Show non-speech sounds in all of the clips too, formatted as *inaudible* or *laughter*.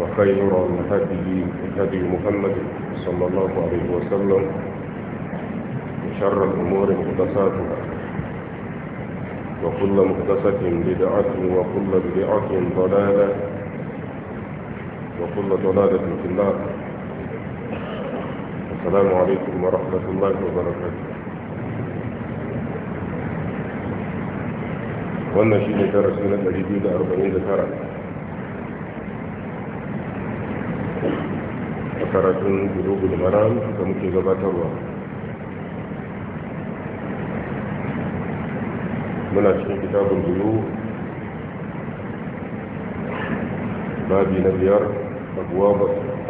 وخير الهدي هدي محمد صلى الله عليه وسلم وشر الأمور محدثاتها وكل محدثة بدعة وكل بدعة ضلالة وكل ضلالة في النار السلام عليكم ورحمة الله وبركاته wannan shi ne أربعين na karatun bulugul maram da muke gabatarwa muna cikin kitabun bulu babi na biyar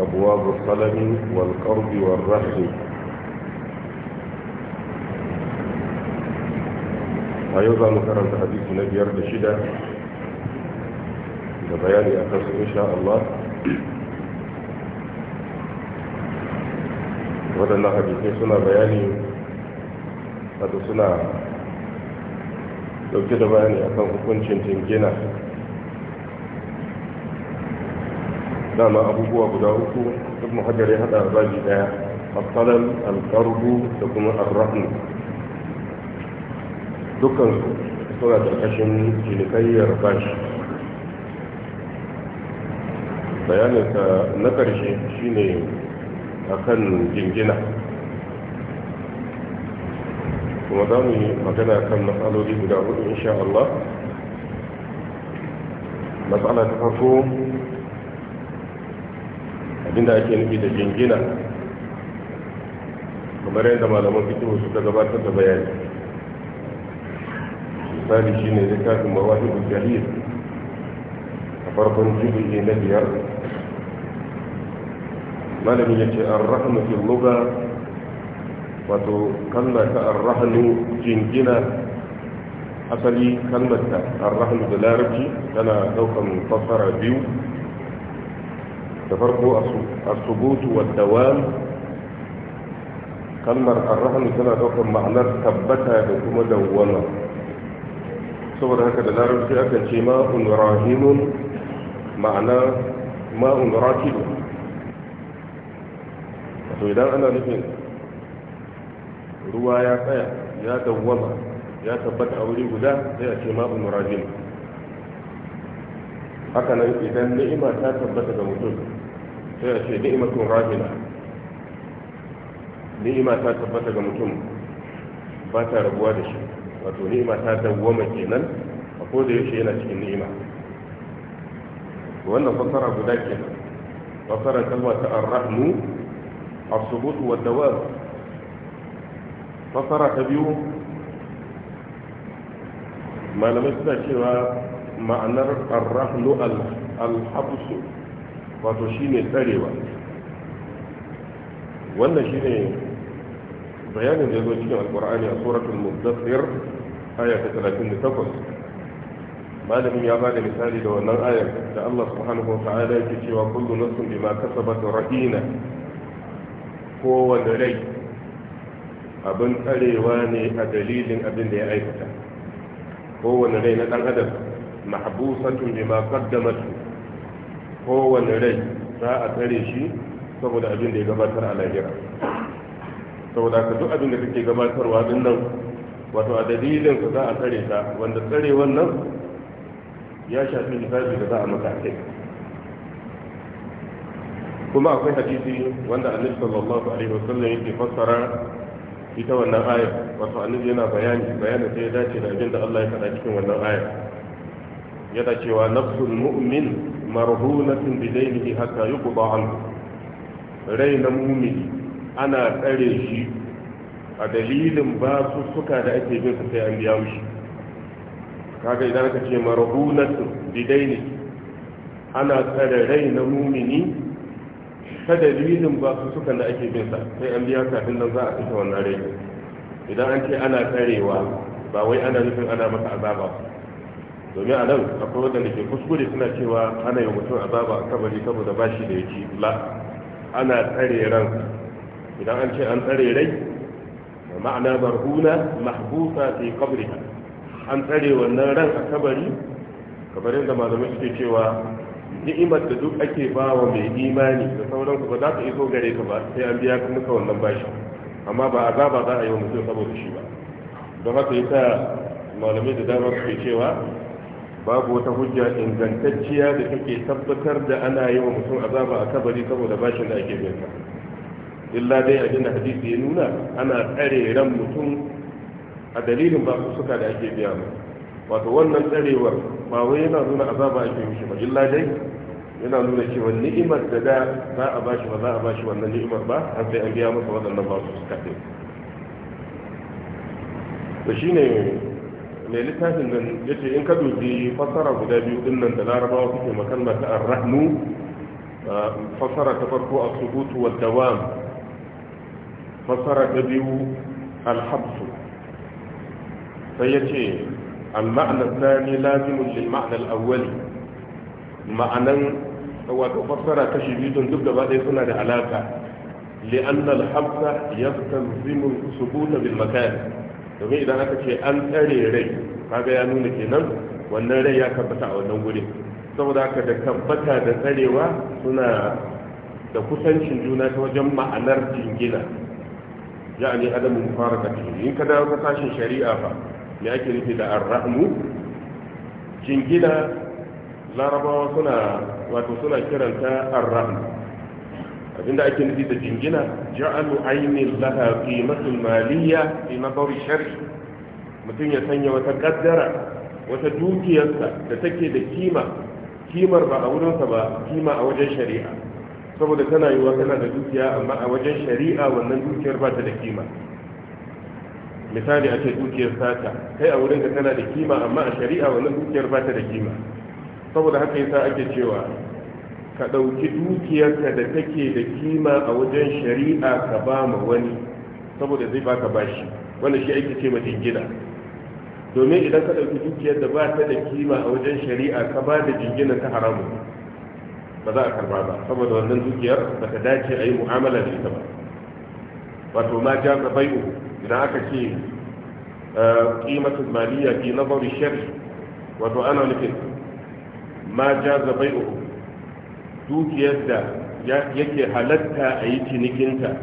abuwa salami wal karbi wal rahim a yau za mu karanta hadisi na biyar da shida da bayani a kasu insha Allah waɗannan hadisai suna bayani wato suna dauke da bayani akan hukuncin jingina dama abubuwa guda uku duk hajar ya hada zagi daya asalan alqarbu da kuma arrahmu dukkan suna karkashin jinikayyar bashi bayaninsa na karshe shine akan jingina kuma za mu yi magana kan matsaloli guda hudu insha Allah matsala ta farko abinda ake nufi da jingina kamar yadda malaman fito suka gabatar da bayani misali shine littafin mawahibul jalil a farkon jirgin na biyar malamin ya ce arrahanu fil luga wato kalma ta arrahanu jingina asali kalmar ta arrahanu da larabci tana daukan fassara biyu da farko asubutu wa dawam kalmar arrahanu tana daukan ma'anar tabbata da kuma dawwama saboda haka da larabci akan ce ma'un rahimun ma'ana ma'un rakibu to idan ana nufin ruwa ya tsaya ya dawwama ya tabbata a wuri guda sai a ce ma'u murajin haka nan idan ni'ima ta tabbata ga mutum sai a ce ni'imatun rajina ni'ima ta tabbata ga mutum ba ta rabuwa da shi wato ni'ima ta dawwama kenan a ko da yaushe yana cikin ni'ima wannan fassara guda kenan fasarar kalma ta ar-rahmu الثبوت والدوام فصرا تبيو ما لم يسمع شيئا معنى الرحل الحبس وتشين الثريوة وانا شيني بيان يزوج في القرآن سورة المدثر آية 38 malamin ya ba da misali da wannan ayar da Allah subhanahu wa ta'ala yake cewa kullu nafsin bima kasabat rahina kowane rai abin tsarewa ne a dalilin abin da ya aikata kowane rai na ɗan adam mahbusatun bi ma qaddamatu kowane rai za a tsare shi saboda abin da ya gabatar a lahira saboda ka duk abin da kake gabatarwa din nan wato a dalilin ka za a tsare ta wanda tsare wannan ya shafi hisabi da za a maka kai kuma akwai hadisi wanda annabi sallallahu alaihi wasallam yake fassara ita wannan aya wato annabi yana bayani bayanin sai ya dace da abin da Allah ya faɗa cikin wannan aya yana cewa nafsul mu'min marhunatun bi daynihi hatta yuqda anhu rai na mu'mini ana tsare shi a dalilin ba su suka da ake bin sai an biya mishi kaga idan aka ce marhunatun bi daynihi ana tsare rai na mu'mini ta dalilin ba su sukan da ake bin sa sai an biya kafin nan za a kashe wannan rai idan an ce ana karewa ba wai ana nufin ana masa azaba domin a nan akwai wadanda ke kuskure suna cewa ana yi mutum azaba a kabari saboda ba shi da ci la ana tsare ran idan an ce an tsare rai ma'ana barhuna mahbusa fi qabriha an tsare wannan ran a kabari kamar yadda malamai suke cewa ni'imar da duk ake ba wa mai imani da sauransu ba za ta iso gare ka ba sai an biya kuma wannan bashi amma ba azaba za a yi wa mutum saboda shi ba don haka yasa malamai da dama suke cewa babu wata hujja ingantacciya da take tabbatar da ana yi wa mutum azaba a kabari saboda bashin da ake bin illa dai a gina hadisi ya nuna ana tsare ran mutum a dalilin ba suka da ake biya mu. wato wannan tsarewar ba wai yana nuna azaba ake mishi ba illa dai yana nuna cewa ni'imar da da za a bashi ba za a bashi wannan ni'imar ba har sai an biya masa waɗannan ba su suka ɗin to shine mai littafin nan ya ce in ka dubi fasara guda biyu ɗin nan da larabawa suke makalma ta arrahnu Fasara ta farko a subutu wa dawam fassara ta biyu alhabsu sai ya ce المعنى الثاني لازم للمعنى الأولي معنى وتفسر تشبيد ضد بعد سنة علاقة لأن الحبس يستلزم الثبوت بالمكان domin idan aka ce an tsare rai kaga ya nuna kenan wannan rai ya tabbata a wannan wuri saboda haka da tabbata da tsarewa suna da kusancin juna ta wajen ma'anar jingina ya'ani fara mufarakati in ka dawo ka sashin shari'a fa me ake nufi da arrahmu jingina larabawa suna wato suna kiranta arrahmu abinda ake nufi da jingina ja'alu ainin laha qimatul maliyya fi nadar shar'i mutum ya sanya wata kaddara wata dukiyarsa da take da kima kimar ba a wurinsa ba kima a wajen shari'a saboda tana yiwuwa tana da dukiya amma a wajen shari'a wannan dukiyar ba ta da kima misali a ce dukiyar sata kai a wurinka tana da kima amma a shari'a wannan dukiyar ba ta da kima saboda haka yasa ake cewa ka ɗauki dukiyarka da take da kima a wajen shari'a ka ba ma wani saboda zai baka bashi wanda shi ake ce mace gida domin idan ka ɗauki dukiyar da ba ta da kima a wajen shari'a ka ba da jingina ta haramu ba za a karba ba saboda wannan dukiyar ba ta dace a yi mu'amala da ita ba wato ma ja ka bai idan aka ce ƙimatul eh, maliya fi nazari shari wato ana nufin ma ja zabai uku dukiyar da yake halatta a yi cinikinta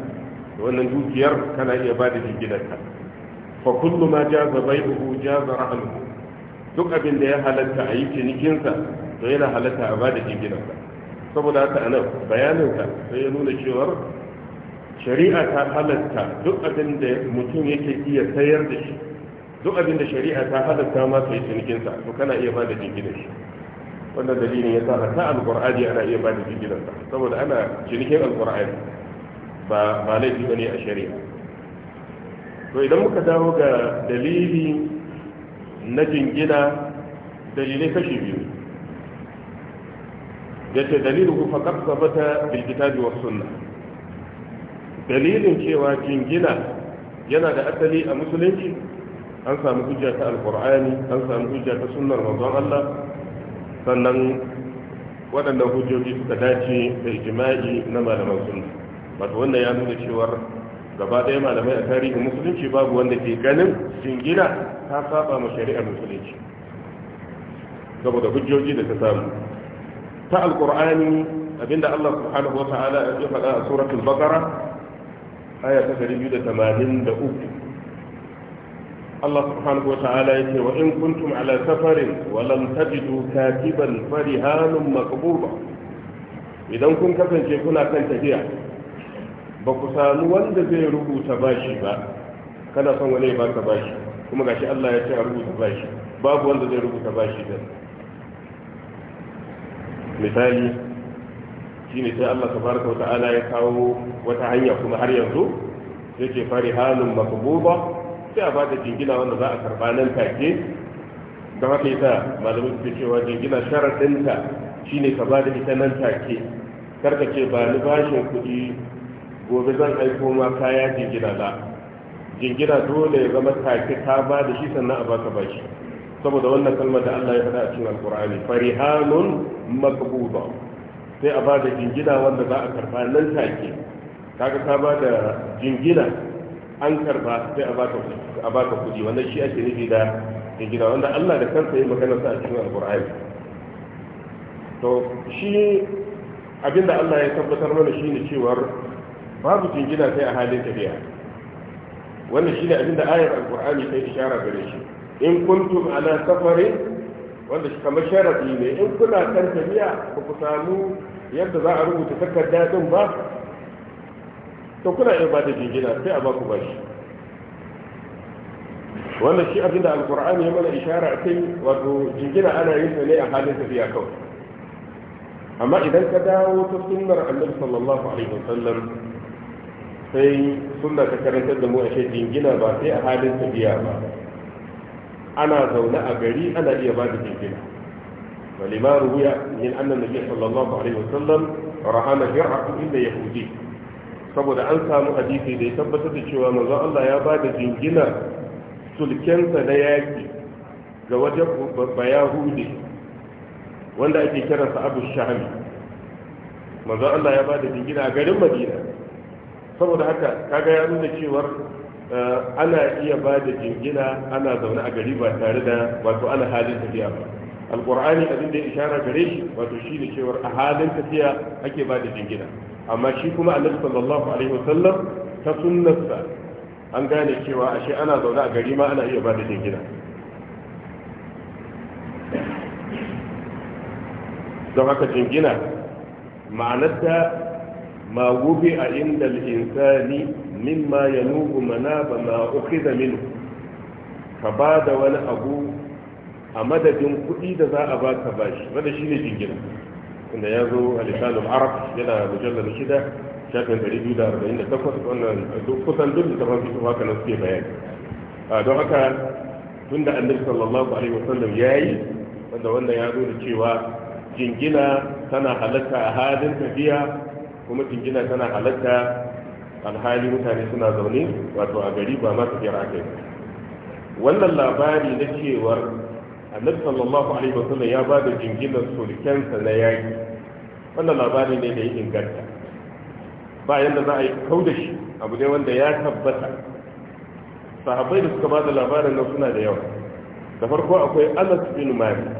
wannan dukiyar kana iya ba da jiginarka fa kullu ma ja zabai uku ja zara duk abin da ya halatta a yi cinikinsa to yana halatta a ba da jiginarka saboda haka anan bayaninsa sai ya nuna cewar shari'a ta halatta duk abin da mutum yake iya sayar da shi duk abin da shari'a ta halatta ma sai cinikinsa to kana iya bada jinginar shi wannan dalilin ya sa ta alqur'ani ana iya bada jinginar sa saboda ana cinikin alqur'ani ba ba laifi bane a shari'a to idan muka dawo ga dalili na jingina dalilai kashi biyu yace dalilu qad sabata bil kitabi was sunnah dalilin cewa jingina yana da asali a musulunci an samu hujja ta alkur'ani an samu hujja ta sunnar manzon Allah sannan waɗannan hujjoji suka dace da ijma'i na malaman sunna wato wannan ya nuna cewa gaba ɗaya malamai a tarihin musulunci babu wanda ke ganin jingina ta saba ma shari'ar musulunci saboda hujjoji da ta samu ta alkur'ani abinda Allah subhanahu wa ta'ala ya faɗa a suratul baqara aya ta 283 Allah subhanahu wa ta'ala yake wa in kuntum ala safarin wa lam tajidu katiban farihanun maqbuba idan kun kasance kuna kan tafiya ba ku samu wanda zai rubuta bashi ba kana son wani ya baka bashi kuma gashi Allah ya ce a rubuta bashi babu wanda zai rubuta bashi da misali shine sai Allah tabaraka wa ta'ala ya kawo wata hanya kuma har yanzu yake fari halun maqbuba sai a bada jingina wanda za a karba nan take don haka yasa malamin suke cewa jingina sharadinta shine ka ba da ita nan take karka ce ba ni bashin kuɗi gobe zan aiko ma kaya jingina la jingina dole ya zama take ka ba da shi sannan a baka bashi saboda wannan kalmar da Allah ya faɗa a cikin alkur'ani farihanun maqbuba sai a ba da jingina wanda za a karba nan take kaga ka ba da jingina an karba sai a ba ka kuɗi wannan shi ake nufi da jingina wanda Allah da kansa ya magana sa a cikin alƙur'ani to shi abinda Allah ya tabbatar mana shine cewar babu jingina sai a halin tafiya wannan shine abinda ayar alƙur'ani ta isharar gare shi in kuntum ala safarin wanda shi kamar sharaɗi ne in kuna kan tafiya ba ku samu yadda za a rubuta takarda din ba to kuna iya ba da jingina sai a ba ku bashi wannan shi abinda alkur'ani ya mana ishara a kai wato jingina ana yin sa ne a halin tafiya kawai amma idan ka dawo ta sunnar annabi sallallahu alaihi wasallam sai sunna ta karantar da mu a jingina ba sai a halin tafiya ba ana zaune a gari ana iya ba da jingina walima ruwiya min annan nabi sallallahu alaihi wasallam rahana jir'atu inda yahudi saboda an samu hadisi da ya tabbatar da cewa manzon Allah ya ba da jinginar sulkensa na yaki ga wajen bayahudi wanda ake kiransa abu shahami manzon Allah ya ba da jingina a garin madina saboda haka kaga ya nuna cewar Eh, ana iya ba da jingina ana zaune a gari ba tare da wato ana halin tafiya ba alkur'ani abin da ya ishara gare shi wato shi ne cewar a halin tafiya ake ba da jingina amma shi kuma annabi sallallahu alaihi wasallam ta sunnarsa an gane cewa ashe ana zaune a gari ma ana iya ba da jingina don haka jingina ma'anarta ma wubi a inda insani mimma ya mana manaba ma ukhidha minhu ka ba da wani abu a madadin kuɗi da za a baka bashi wanda shine jingina inda ya zo a lisanin arab yana mujallar shida shafin 248 wannan kusan duk da tafan fito haka suke bayani don haka tun da ya yi wanda ya zo da cewa jingina tana halatta a halin tafiya kuma jingina tana halatta alhali mutane suna zaune wato a gari ba ma tafiyar aka yi wannan labari na cewar annabi sallallahu alaihi wasallam ya ba da jinginar sulkensa na yaki wannan labari ne da ya inganta ba yanda za a yi kau da shi abu ne wanda ya tabbata sahabbai da suka ba da labarin nan suna da yawa da farko akwai anas bin malik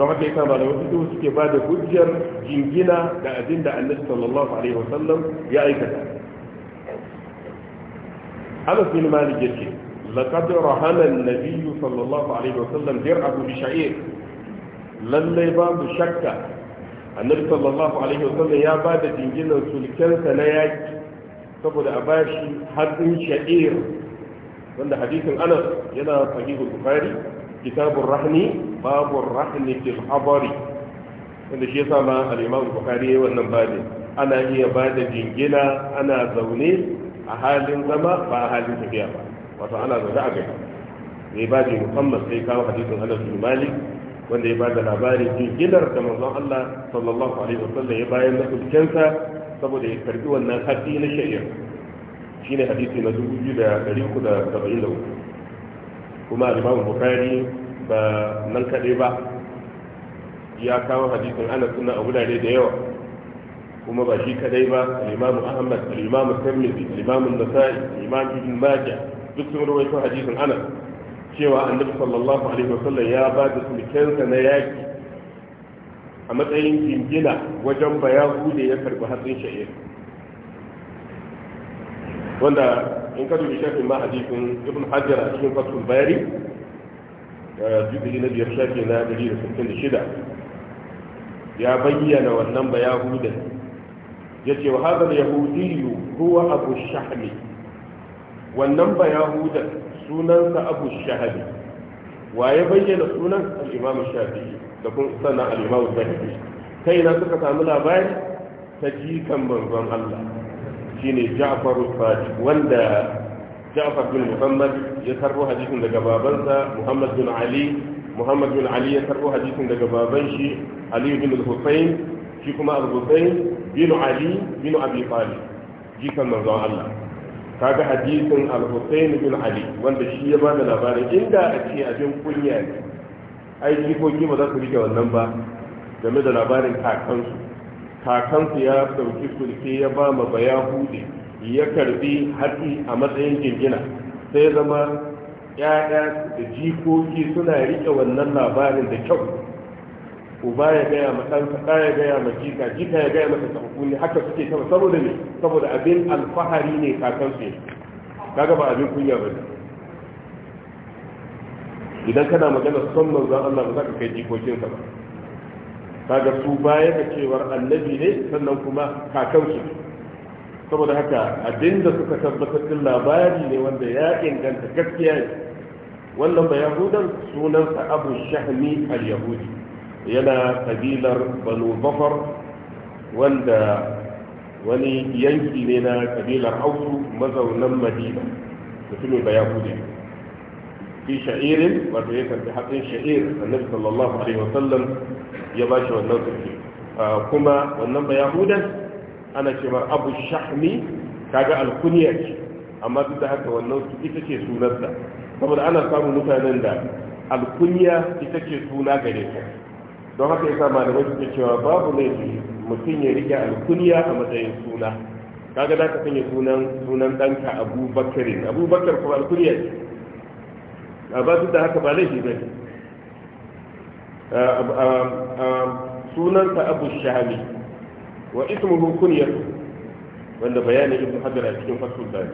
don haka yasa malamai fito suke ba da hujjar jingina da abin da annabi sallallahu alaihi wasallam ya aikata Anas bin Malik yake laqad rahana an-nabiy sallallahu alaihi wasallam dir'ahu bi sha'ir lalle mu shakka annabi sallallahu alaihi wasallam ya ba da jinginar sulkensa na yaki saboda a bashi hatsin sha'ir wanda hadisin Anas yana sahihul Bukhari kitabur rahni babu rahmi fil habari wanda shi yasa ma al-Imam wannan babi ana iya bada jingina ana zaune a halin zama ba a halin tafiya ba wato ana zaune a gari Mai bada musamman sai kawo hadisin Anas bin Malik wanda ya bada labarin jinginar da manzon Allah sallallahu alaihi wasallam ya bayan na kulkensa saboda ya karbi wannan hadisi na shari'a shine hadisi na 2373 kuma al bukari. ba nan kaɗai ba ya kawo hadisin anas suna a wurare da yawa kuma ba shi kaɗai ba al ahmad al-imamu tirmidhi al-imamu nasa'i al ibn majah duk sun rawaito hadisin anas cewa annabi sallallahu alaihi wasallam ya ba da sulkensa na yaki a matsayin jingina wajen bayahu hude ya karbi hatsin sha'ir wanda in ka dubi shafin ma hadisin ibn hajar a cikin fatul bayari jubi'i na biyar shafi na gari da sittin da shida ya bayyana wannan ba yahudan ya ce wa hazar yahudiyu huwa abu shahmi wannan ba yahudan sunansa abu shahmi wa ya bayyana sunan al'imam shafi da kun sannan al'imam zahibi ta na suka samu labari ta jikan manzon allah shine ja'faru sadiq wanda ja'far bin muhammad ya karbo hadisin daga babansa muhammad bin ali muhammad bin ali ya karbo hadisin daga baban shi ali bin al shi kuma al-husayn bin ali bin abi talib jikan manzon Allah kaga hadisin al-husayn bin ali wanda shi ya da labarin inda a ce abin kunya ne ai jikoki ba za su rike wannan ba game da labarin kakansu kakansu ya dauki sulke ya ba ma bayahude ya karbi hatsi a matsayin jingina sai zama ya'ya da jikoki suna rike wannan labarin da kyau uba ya gaya ma ɗansa ɗa ya gaya ma jika jika ya gaya masa sabu ne haka suke kama saboda ne saboda abin alfahari ne kakansu ne kaga ba abin kunya ba ne idan kana magana son manzon Allah ba za ka kai jikokinsa ba kaga su baya da cewar annabi ne sannan kuma kakansu ne saboda haka abinda suka tabbatar din labari ne wanda ya inganta gaskiya ne wannan ba yahudan sunansa abu shahmi al-yahudi yana kabilar banu bafar wanda wani yanki ne na kabilar hausu mazaunan madina mutumin ba yahudi fi sha'irin wata ya karbi hatsin sha'ir annabi sallallahu alaihi wasallam ya ba shi wannan sarki ah, kuma wannan ba yahudan ana cewa abu shahmi kaga alkuniya ce amma duk da haka wannan ita ce sunarsa saboda ana samun mutanen da alkuniya ita ce suna gare ta don haka ya sama da wasu cewa babu laifi mutum ya rike alkuniya a matsayin suna kaga za ka sanya sunan sunan ɗanka abubakarin abubakar kuma alkuniya ce amma duk da haka ba laifi ba ne ah, ah, ah, sunansa abu shahmi wa ismuhu kunyatu wanda bayani ibnu hajar a cikin fatul bari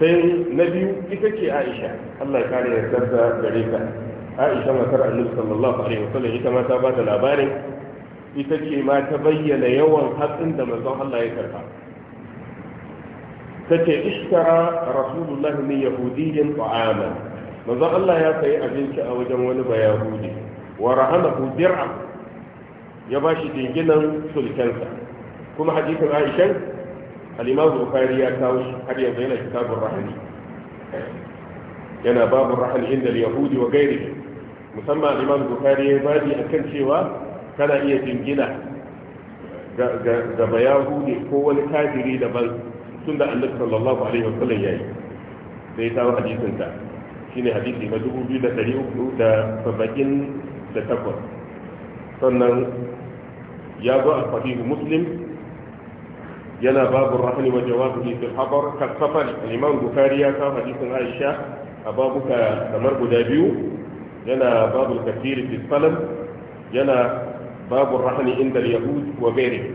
sai na biyu ita ce aisha Allah ya kare yarda gare ka aisha matar annabi sallallahu alaihi wasallam ita ma ta bada labarin ita ce ma ta bayyana yawan hatsin da manzon Allah ya karba tace ishtara rasulullahi min yahudiyyin ta'ama manzon Allah ya sayi abinci a wajen wani bayahudi wa rahamahu dir'a ya ba shi dinginan sulkensa kuma hadisin aishan al-imam bukhari ya kawo shi har yanzu yana kitabun rahani yana babu rahani inda yahudi wa gairi musamman al-imam bukhari ya bani kan cewa kana iya dingina ga ba yahudi ko wani kafiri daban tun da annabi sallallahu alaihi wasallam yayi sai kawo hadisin ta shine hadisi na 2378 sannan ya zo a sahihu muslim yana babu rahani wa jawabihi fil habar kasafar al-imam bukhari ya kawo hadisin aisha a babuka kamar guda biyu yana babu kafir fi salam yana babu rahani inda yahud wa gairi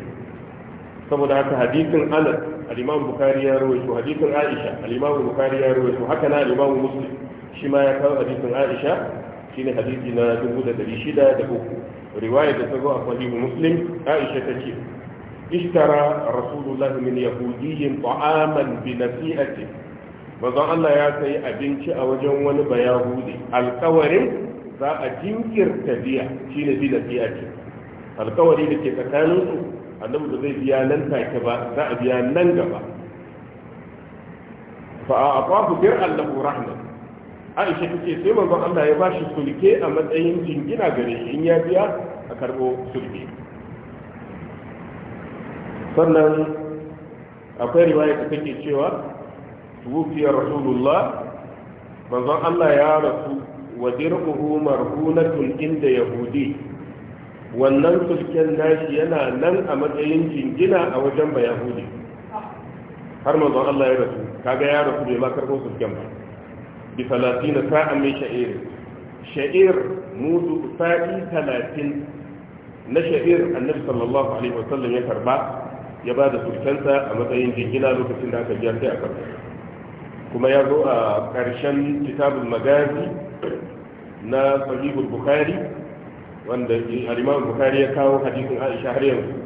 saboda haka hadisin anas al-imam bukhari ya rawaito hadisin aisha al-imam bukhari ya rawaito haka na al-imam muslim shi ma ya kawo hadisin aisha shine hadisi na 1603 riwaya da ta zo a sahihu muslim aisha ta ce ishtara rasulullah min yahudiyyin ta'aman bi nasi'ati bazan Allah ya sayi abinci a wajen wani bayahudi alkawarin za a jinkirta biya shine bi nasi'ati alkawari da ke tsakanin su annabi da zai biya nan take ba za a biya nan gaba fa a bir allahu rahmat aisha ta ce sai manzon Allah ya bashi sulke a matsayin jingina gare shi in ya biya a karbo sulke sannan akwai riwaya ta take cewa wufiyar rasulullah manzon Allah ya rasu wa dirhuhu marhunatun inda yahudi wannan sulken nashi yana nan a matsayin jingina a wajen bayahudi har manzon Allah ya rasu kaga ya rasu bai ma karbo sulken ba bi talatina sa'an min sha'ir sha'ir mudu sa'i talatin na sha'ir annabi sallallahu alaihi wasallam ya karba ya ba da surkensa a matsayin jingina lokacin da aka biya sai a karba kuma ya zo a karshen kitabul magazi na sahihul bukhari wanda al-imam bukhari ya kawo hadisin aisha har yanzu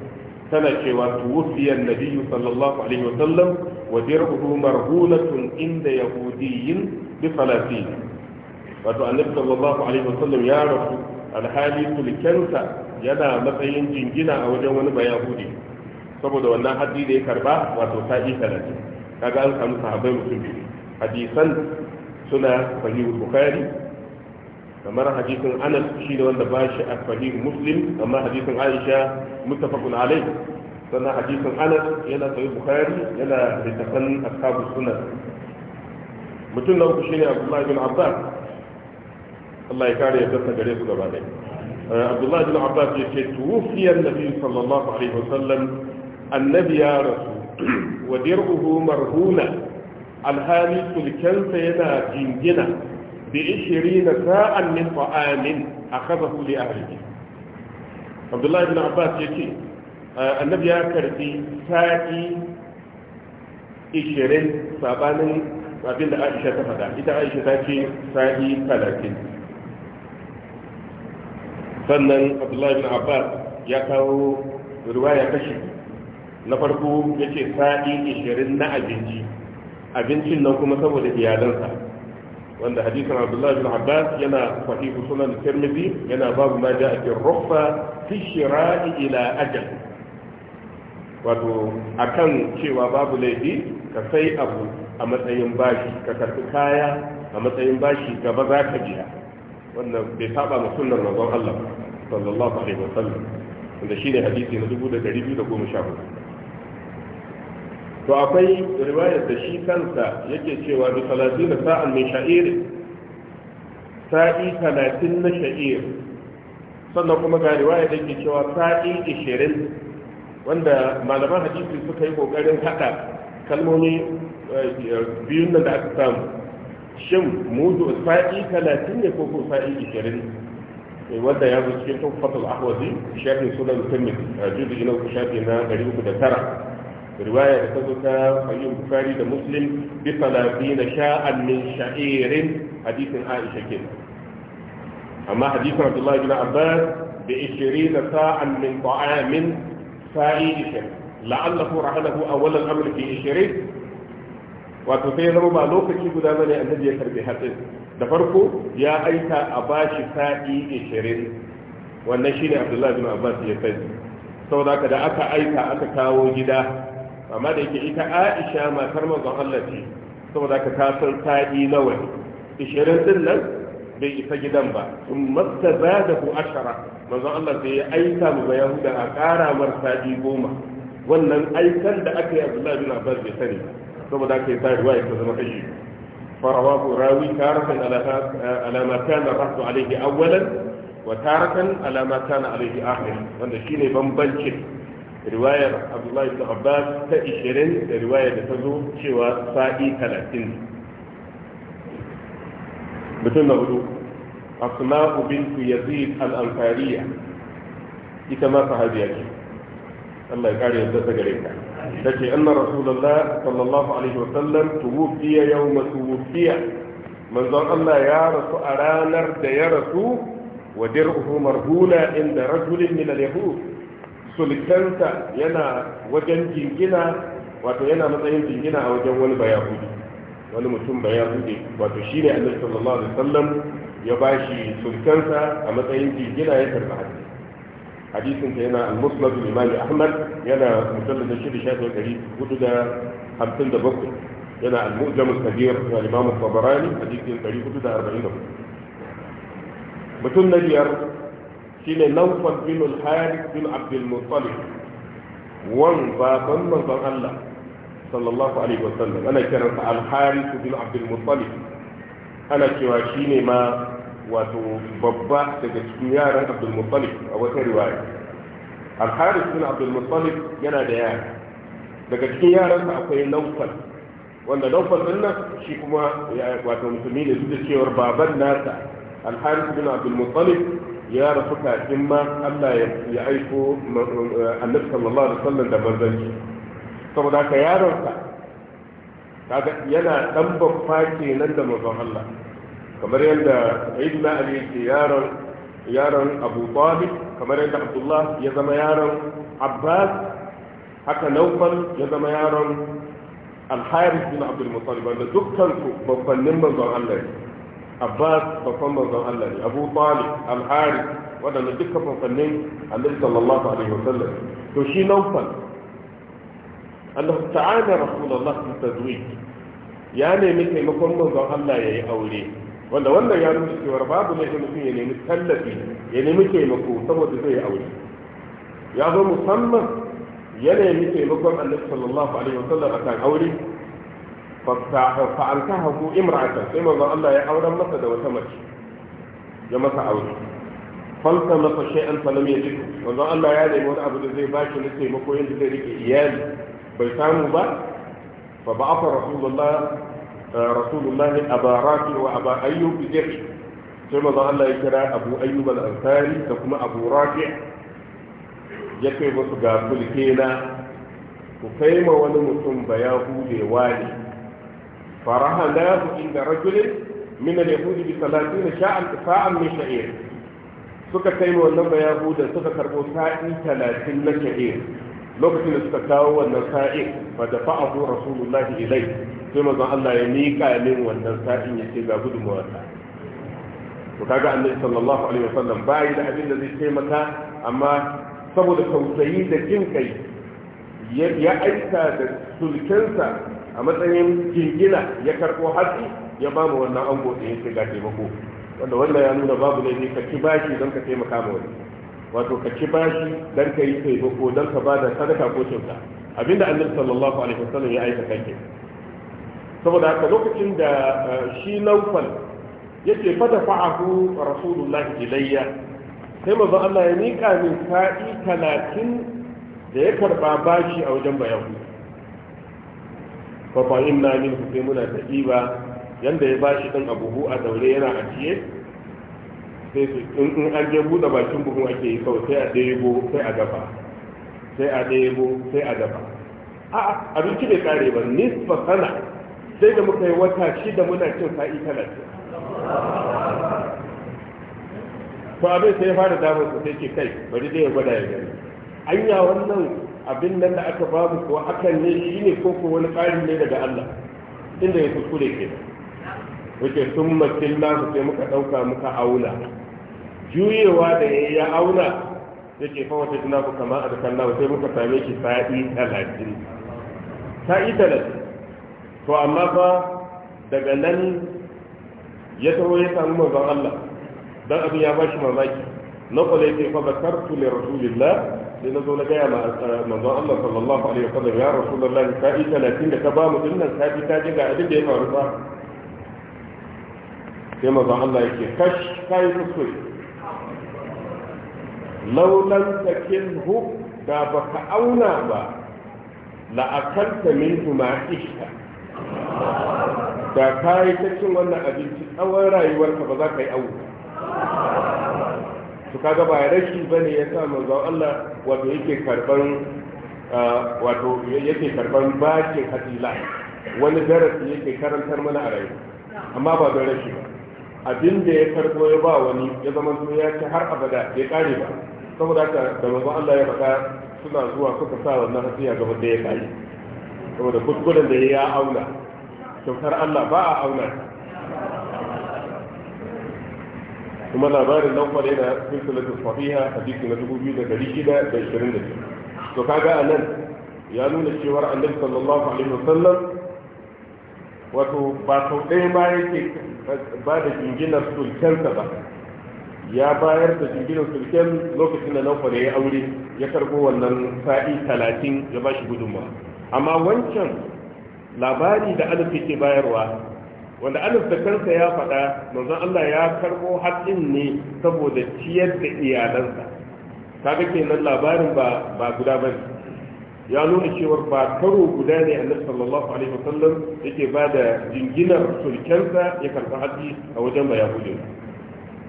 tana cewa tuwfiya nabiyyu sallallahu alaihi wasallam wa dir'uhu marhunatun inda yahudiyyin bi salati wato annabi sallallahu alaihi wasallam ya rasu alhali sulkensa yana matsayin jingina a wajen wani bayahudi saboda wannan haddi da ya karba wato sa'i talatin kaga an samu sahabbai mutum biyu hadisan suna sahih bukhari kamar hadisin anas shi ne wanda ba shi a sahih muslim amma hadisin aisha muttafaqun alayh sannan hadisin anas yana sahih bukhari yana littafan ashabu sunan mutum na uku shi ne abdullahi bin abbas Allah ya kare yadda gare su gaba ɗaya eh, abdullahi bin abbas ya ce tuwufiyar nabi sallallahu alaihi wasallam annabi ya rasu *clears throat* wa dir'uhu marhuna alhali sulkensa yana jingina bi ishirina sa'an min ta'amin akhadahu li ahlihi abdullahi bin abbas yake eh, annabi ya karbi sa'i ishirin sabanin abin da aisha ta faɗa ita aisha ta ce sa'i talatin sannan abdullahi bin abbas ya kawo riwaya kashi na farko ya ce sa'i ishirin na abinci abincin nan kuma saboda iyalansa wanda hadisin abdullahi bin abbas yana sahihu sunan tirmidhi yana babu ma ja'a fi rufa fi shira'i ila ajal wato akan cewa babu laifi ka sai abu a matsayin bashi ka karɓi kaya a matsayin bashi gaba za ka biya wannan bai saba ma sunnar manzon Allah sallallahu alaihi wa sallam wanda shi ne hadisi na dubu da da dari biyu goma 2214 to akwai riwayar da shi kansa yake cewa da talatin da sa'an mai sha'ir sa'i talatin na sha'ir sannan kuma ga riwaya da ke cewa sa'i 20 wanda malaman hadisi suka yi kokarin haɗa kalmomi biyun nan da aka samu shin mudu sa'i 30 ne ko ko sa'i ne wanda ya zo cikin tuffatul ahwazi shafin sunan tirmidhi juzu ku shafi na 309 riwaya da ta ta fayyun bukari da muslim bi na sha'an min sha'irin hadisin aisha ke amma hadisin abdullahi bin abbas bi 20 sa'an min ta'amin sa'i 20 la'allahu rahalahu awwal al-amr fi ishirin wato sai ya zama ba lokaci guda bane annabi ya karbi hatsin da farko ya aika a bashi sa'i 20 wannan shine abdullahi bin abbas ya sani saboda ka da aka aika aka kawo gida amma da yake ita aisha matar manzon Allah ce saboda ka ta san sa'i nawa 20 din nan bai isa gidan ba sun masta ku ashara manzon Allah sai ya aika mu ga yahuda a ƙara mar sa'i goma wannan aikan da aka yi abdullahi bin abbas bai sani ba saboda haka yasa riwaya ta zama kashi ko rawi taratan alamata na kana rahtu alayhi awwalan wa tarakan alamata na kana alayhi akhir wanda shine bambancin riwayar Abdullahi ibn Abbas ta 20 da riwayar da ta zo cewa sa'i 30 mutum na hudu asma'u bintu yazid al-ansariya ita ma sahabiya ce Allah ya kare yadda ta gare ta take anna rasulullah sallallahu alaihi wa sallam tuwfiya yawma tuwfiya manzon Allah ya rasu a ranar da ya rasu wa dir'uhu marhuna inda rajulin min al-yahud sulkanta yana matsayin jingina a wajen wani bayahudi wani mutum bayahudi wato shine annabi sallallahu alaihi wasallam ya bashi sulkansa a matsayin jigina ya karba hadisi hadisin ta yana al-musnad imam ahmad yana mujallad da shirin shafi gari hudu da hamsin da bakwai yana al-mu'jam al-kabir na imam al-tabarani hadisin ɗari hudu da arba'in da mutum na biyar shine nawfal bin al-harith bin abdul muttalib wan baban manzon Allah sallallahu alaihi wasallam ana kiransa al-harith bin abdul muttalib ana cewa shine ma wato babba daga cikin yaran abdulmuttalib a wata riwaya al-haris bin abdulmuttalib yana da yara daga cikin yaransa akwai naufal wanda naufal din nan shi kuma wato musulmi ne duk da cewar baban nasa al-haris bin abdulmuttalib ya rasu kafin ma Allah ya aiko annabi sallallahu alaihi wasallam da manzanci saboda haka yaronsa kaga yana dan babba kenan da manzon Allah كما عند عيدنا علي يارا يارا ابو طالب كما عند عبد الله يزم يارا عباس حتى نوفل يزم يارا الحارث بن عبد المطلب ان دكتنكو بفنن من ظن الله عباس بفن من ظن الله ابو طالب الحارث وانا ندك بفنن النبي صلى الله عليه وسلم تشي نوفل انه تعالى رسول الله في التزويج يعني مثل ما كنا ظن الله يا اولي wanda wannan ya nuna cewa babu ne mutum ya nemi tallafi ya nemi taimako saboda zai aure ya zo musamman ya nemi taimakon annabi sallallahu alaihi wasallam akan aure fa an ka haku imra'ata sai manzon Allah ya auren masa da wata mace ya masa aure falsa masa shay'an falam jiku, manzon Allah ya nemi wani abu da zai bashi na taimako yadda zai rike iyali bai samu ba fa ba'atha rasulullah rasulullahi aba rafi wa aba ayyub bi sai manzon Allah ya kira abu ayyub al-ansari da kuma abu rafi ya kai musu ga sulkena ku kai ma wani mutum ba ya hude wani faraha na sha'an suka kai ma wannan ba ya suka karbo sa'i talatin na sha'ir lokacin da suka kawo wannan sa'i fa dafa'ahu rasulullahi ilai. sai mazan Allah ya miƙa ya min wannan sa'in ya ce ga gudunmawar ta to kaga annabi sallallahu alaihi wasallam bai da abin da zai taimaka amma saboda tausayi da jin kai ya aika da sulkensa a matsayin jingina ya karɓo hatsi ya ba mu wannan ango da ya ce ga taimako wanda wannan ya nuna babu laifi ka ci bashi don ka taimaka ma wani wato ka ci bashi don ka yi taimako don ka ba da sadaka ko kyauta abinda annabi sallallahu alaihi wasallam ya aika kake saboda haka lokacin da eh, shi naufal yake fata fa'ahu rasulullahi ilayya sai mazan Allah ya nika min sa'i talatin da ya karɓa bashi a wajen bayan fafa inna min sai muna ta ɗiba yanda ya bashi ɗan a a daure yana ajiye sai su in an je buɗe bakin buhu ake yi kawai sai a ɗebo sai a gaba sai a ɗebo sai a gaba a'a abinci bai kare ba nisfa sana sai da muka yi wata shi da muna cin sa'i talata to abin sai ya fara damar su sai ke kai bari dai ya gwada ya gani anya wannan abin nan da aka babu ko hakan ne shi ne ko ko wani ƙari ne daga Allah inda ya kuskure ke wace sun makin lafi sai muka ɗauka muka auna juyewa da ya yi auna sai ke fa wata tunafi kama a da kalla sai muka same shi sa'i talatin sa'i talatin to amma fa daga nan ya taho ya samu manzon Allah dan abin ya bashi mamaki na kula yake fa bakartu li rasulillah da na zo na gaya manzon Allah sallallahu alaihi wasallam ya rasulullah ka yi talatin da ka ba mu dinnan ka ji ka ji ga abin da ya faru fa sai manzon Allah yake kash kai kuskure laulan takilhu da baka auna ba la akalta min ma da ka yi ta cin wannan abinci tsawon rayuwarka ba za ka yi awu ka kaga ba rashi ba ne ya sa manzon Allah wato yake karban wato yake karban bakin hadila wani darasi yake karantar mana a rayu amma ba don rashi ba abin da ya karbo ya ba wani ya zama su ya ci har abada ya kare ba saboda haka da manzon Allah ya faɗa suna zuwa suka sa wannan hatsiya gaba da ya kare saboda kuskuren da ya auna kyautar Allah ba a auna kuma labarin nan kwarai na silsilatul sahiha hadisi na 2622 to kaga anan ya nuna cewar annabi sallallahu alaihi wasallam wato ba sau ɗaya ma yake ba da jinginar sulkensa ba ya bayar da jinginar sulken lokacin da nan kwarai ya aure ya karbo wannan sa'i talatin ya ba shi gudunmawa amma wancan labari da alif yake bayarwa wanda alif da kansa ya faɗa manzon Allah ya karbo haƙin ne saboda ciyar da iyalansa kaga kenan labarin ba ba guda bane ya nuna cewa ba karo guda ne annabi sallallahu alaihi wasallam yake ba da jinginar sulkensa ya karɓi haƙi a wajen bayahudin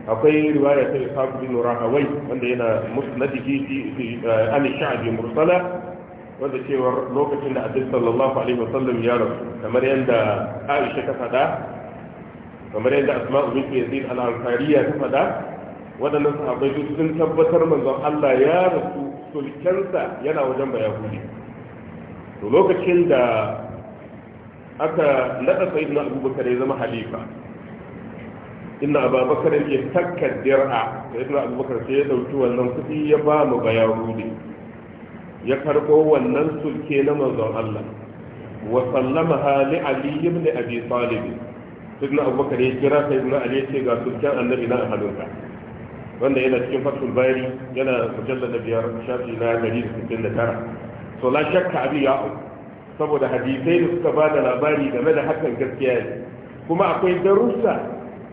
akwai riwaya ta Ishaq bin Rahawai wanda yana musnadihi fi eh, an sha'bi mursala wanda cewar lokacin da abin sallallahu alaihi wasallam ya rasu kamar yadda aisha ta faɗa kamar yadda asma'u bin yazid al-ansariya ta faɗa waɗannan sahabbai duk sun tabbatar manzon Allah ya rasu sulkensa yana wajen bayahudi to lokacin da aka naɗa sayyidina abubakar ya zama halifa inna ababakar ya takka dir'a sayyidina abubakar sai ya dauki wannan kuɗi ya ba mu bayahudi ya karɓo wannan sulke na manzon Allah wa sallama hali ali ibn abi talib sayyidina abubakar ya kira sai sayyidina ali ya ce ga sulken annabi na hannunka wanda yana cikin fatul bayani yana mujallar na biyar shafi na gari da sittin da tara so la shakka abi ya saboda hadisai da suka ba da labari game da hakan gaskiya ne kuma akwai darussa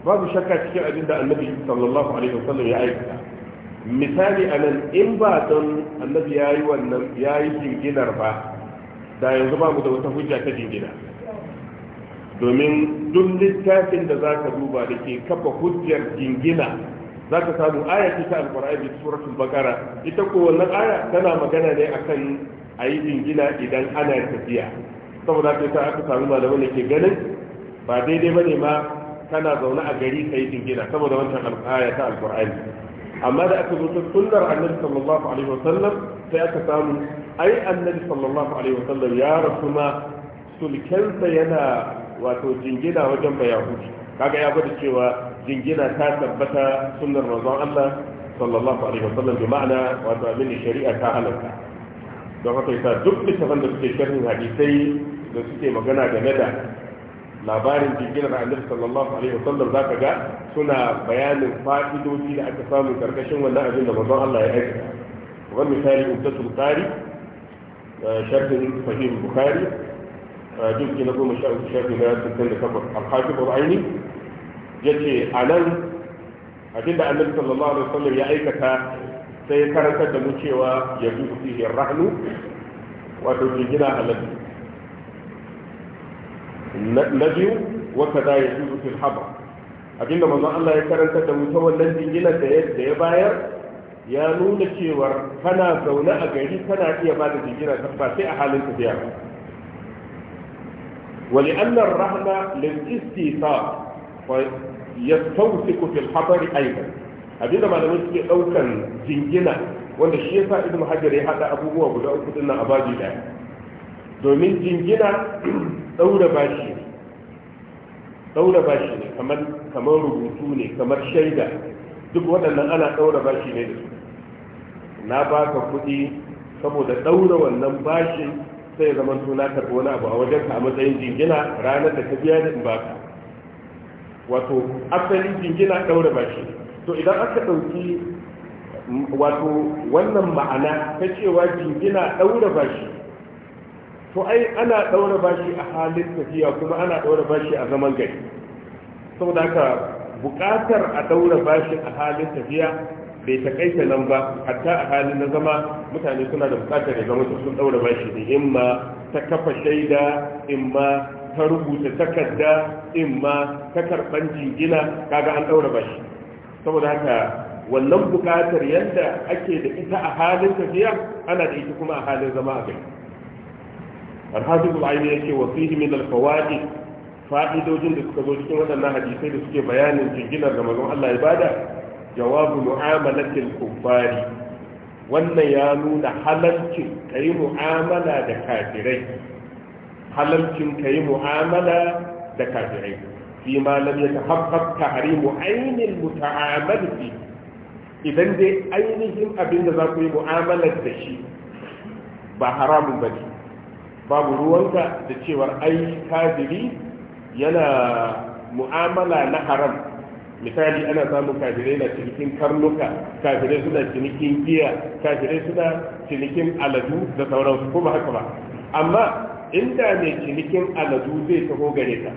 babu shakka cikin abin da annabi sallallahu alaihi wasallam ya aikata misali anan, in ba don annabi ya yi wannan ya yi jinginar ba da yanzu ba mu da wata hujja ta jingina domin duk littafin da za ka duba da ke kafa hujjar jingina za ka samu aya ce ta da suratun bakara ita ko wannan aya tana magana ne akan a yi jingina idan ana tafiya saboda ta aka samu malamai da ke ganin ba daidai ba ne ma kana zaune a gari ka yi jingina saboda wancan aya ta alkur'ani amma da aka zo sunnar annabi sallallahu alaihi wa sallam sai aka samu ai annabi sallallahu alaihi wa sallam ya rasu ma sulkensa yana wato jingina wajen bayahudi kaga ya gwada cewa jingina ta tabbata sunnar manzon Allah sallallahu alaihi wa sallam. bi ma'ana wato abin shari'a ta halarta don haka yasa duk littafan da suke sharhin hadisai da suke magana game da labarin jirginar annabi sallallahu alaihi wasallam za ka ga suna bayanin fa'idoji da aka samu karkashin wannan abin da manzon Allah ya aikata kamar misali ubdatul qari eh, sharhin sahih bukhari eh, jirgi na goma sha uku sharhi na sittin da takwas alhaji aini ya ce a nan abin da annabi sallallahu alaihi wasallam ya aikata sai ya karantar da mu cewa ya zuku fihi rahnu wato jirgina halatta na biyu wata da ya tuzu fil haba abinda manzon Allah ya karanta da mu ta wannan jinginar da ya bayar ya nuna cewar kana zaune a gari kana iya ba da jingira ba a halin tafiya ولأن الرهن للاستيثار يستوثق في الحضر أيضا abinda malamai suke ɗaukan jingina wanda shi yasa ibn hajar ya hada abubuwa guda uku dinnan a baji daya domin jingina ɗaura bashi ne ɗaura bashi ne kamar rubutu ne kamar shaida duk waɗannan ana ɗaura bashi ne da su na baka kuɗi saboda ɗaura wannan bashin sai zaman suna karɓi wani abu a wajen ka a matsayin jingina ranar da ka biya da in baka wato asalin jingina ɗaura bashi to idan aka ɗauki wato wannan ma'ana ta cewa jingina ɗaura bashi to ai ana ɗaura bashi a halin tafiya kuma ana ɗaura bashi a zaman gari saboda haka buƙatar a ɗaura bashi a halin tafiya bai takaita nan ba hatta a halin na zama mutane suna da buƙatar da zama sun ɗaura bashi da in ta kafa shaida imma, ta rubuta takarda imma, ta karɓan jingina kaga an ɗaura bashi saboda haka wannan buƙatar yadda ake da ita a halin tafiya ana da ita kuma a halin zama a gari alhafiz al-aini yake wa fihi min al fa'idojin da suka zo cikin waɗannan hadisai da suke bayanin jinginar da manzon Allah ibada jawabu mu'amalatil kuffari wannan ya nuna halalcin kai mu'amala da kafirai halalcin kai mu'amala da kafirai fi ma lam yatahaqqaq tahrimu ainil muta'amal fi idan dai ainihin abinda za ku yi mu'amalar da shi ba haramun ba ne babu ruwanka da cewar ai kafiri yana mu'amala na haram misali ana samun kafirai na cinikin karnuka kafirai suna cinikin giya kafirai suna cinikin aladu da sauransu ko ba haka ba amma inda ne cinikin aladu zai taho gare ka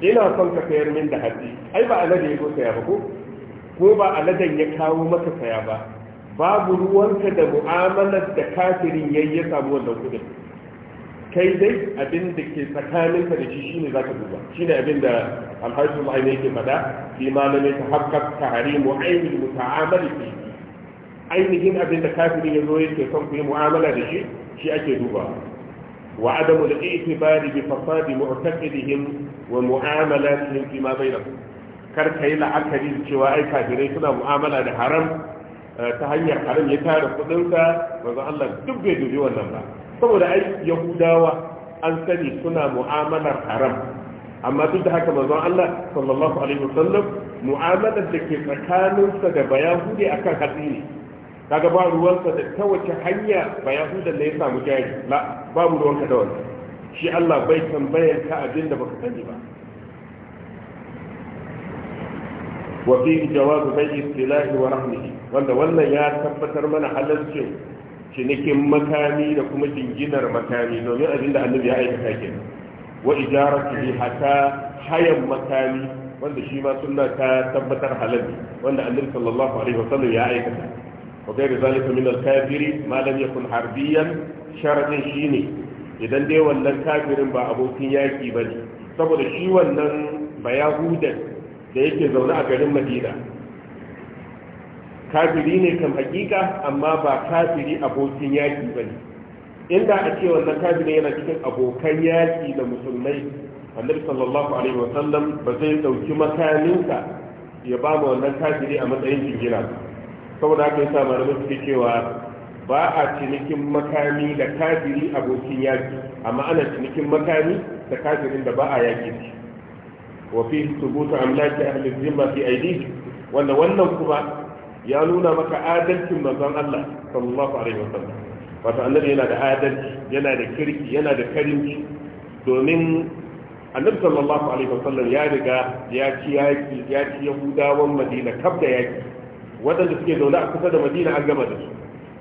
ina son ka sayar min da hatsi ai ba alade ya zo saya ba ko ko ba aladen ya kawo maka saya ba babu ruwanka da mu'amalar da kafirin yayyasa ya samu wannan kudin kai dai abin da ke tsakaninka da shi shine zaka duba shine abin da alhaji al-aini yake fada fi ma ta yatahaqqaq tahrimu ayni muta'amali fi ainihin abin da kafiri yazo yake son ku yi mu'amala da shi shi ake duba wa adamu al-i'tibari bi fasadi mu'taqidihim wa mu'amalatihim fi ma bainahum kar kai la'akari cewa ai kafirai suna mu'amala da haram eh, ta hanyar haram ya tara kudinsa manzo Allah duk bai dubi wannan ba saboda ai yahudawa an sani suna mu'amalar haram amma duk da haka manzon Allah sallallahu alaihi wasallam mu'amalar da ke tsakaninsa da bayahudi akan hatsi ne kaga ba ruwansa da ta wace hanya bayahuda da ya samu jari la babu ruwanka da wannan shi Allah bai tambayar ka abin da baka sani ba wa fi jawazu bai istilahi wa rahmihi wanda wannan ya tabbatar mana halalcin cinikin makami da kuma jinginar makami domin abin da annabi ya aikata ke wa ijaratihi hata hayan makami wanda shi ma sunna ta tabbatar halal wanda annabi sallallahu alaihi wasallam ya aikata wa gairu zalika min al-kafiri ma lam yakun harbiyan sharadin shine idan dai wannan kafirin ba abokin yaki bane saboda shi wannan bayahudan da yake zaune a garin Madina kafiri ne kan hakika amma ba kafiri abokin yaki ba ne inda a ce wannan kafiri yana cikin abokan yaki da musulmai annabi sallallahu alaihi wasallam ba zai dauki makaminsa ya ba mu wannan kafiri a matsayin jingina saboda haka yasa malamai suke cewa ba a cinikin makami da kafiri abokin yaki amma ana cinikin makami da kafirin da ba a yaki shi wa fi tubutu amlaki ahli zimma fi wanda wannan kuma ya nuna maka adalcin manzon Allah sallallahu alaihi wasallam wato annabi yana da adalci yana da kirki yana da karimci domin annabi sallallahu alaihi wasallam ya riga ya ci yaki ya ci yahudawan madina kaf da yaki waɗanda suke zaune a kusa da madina an gama da su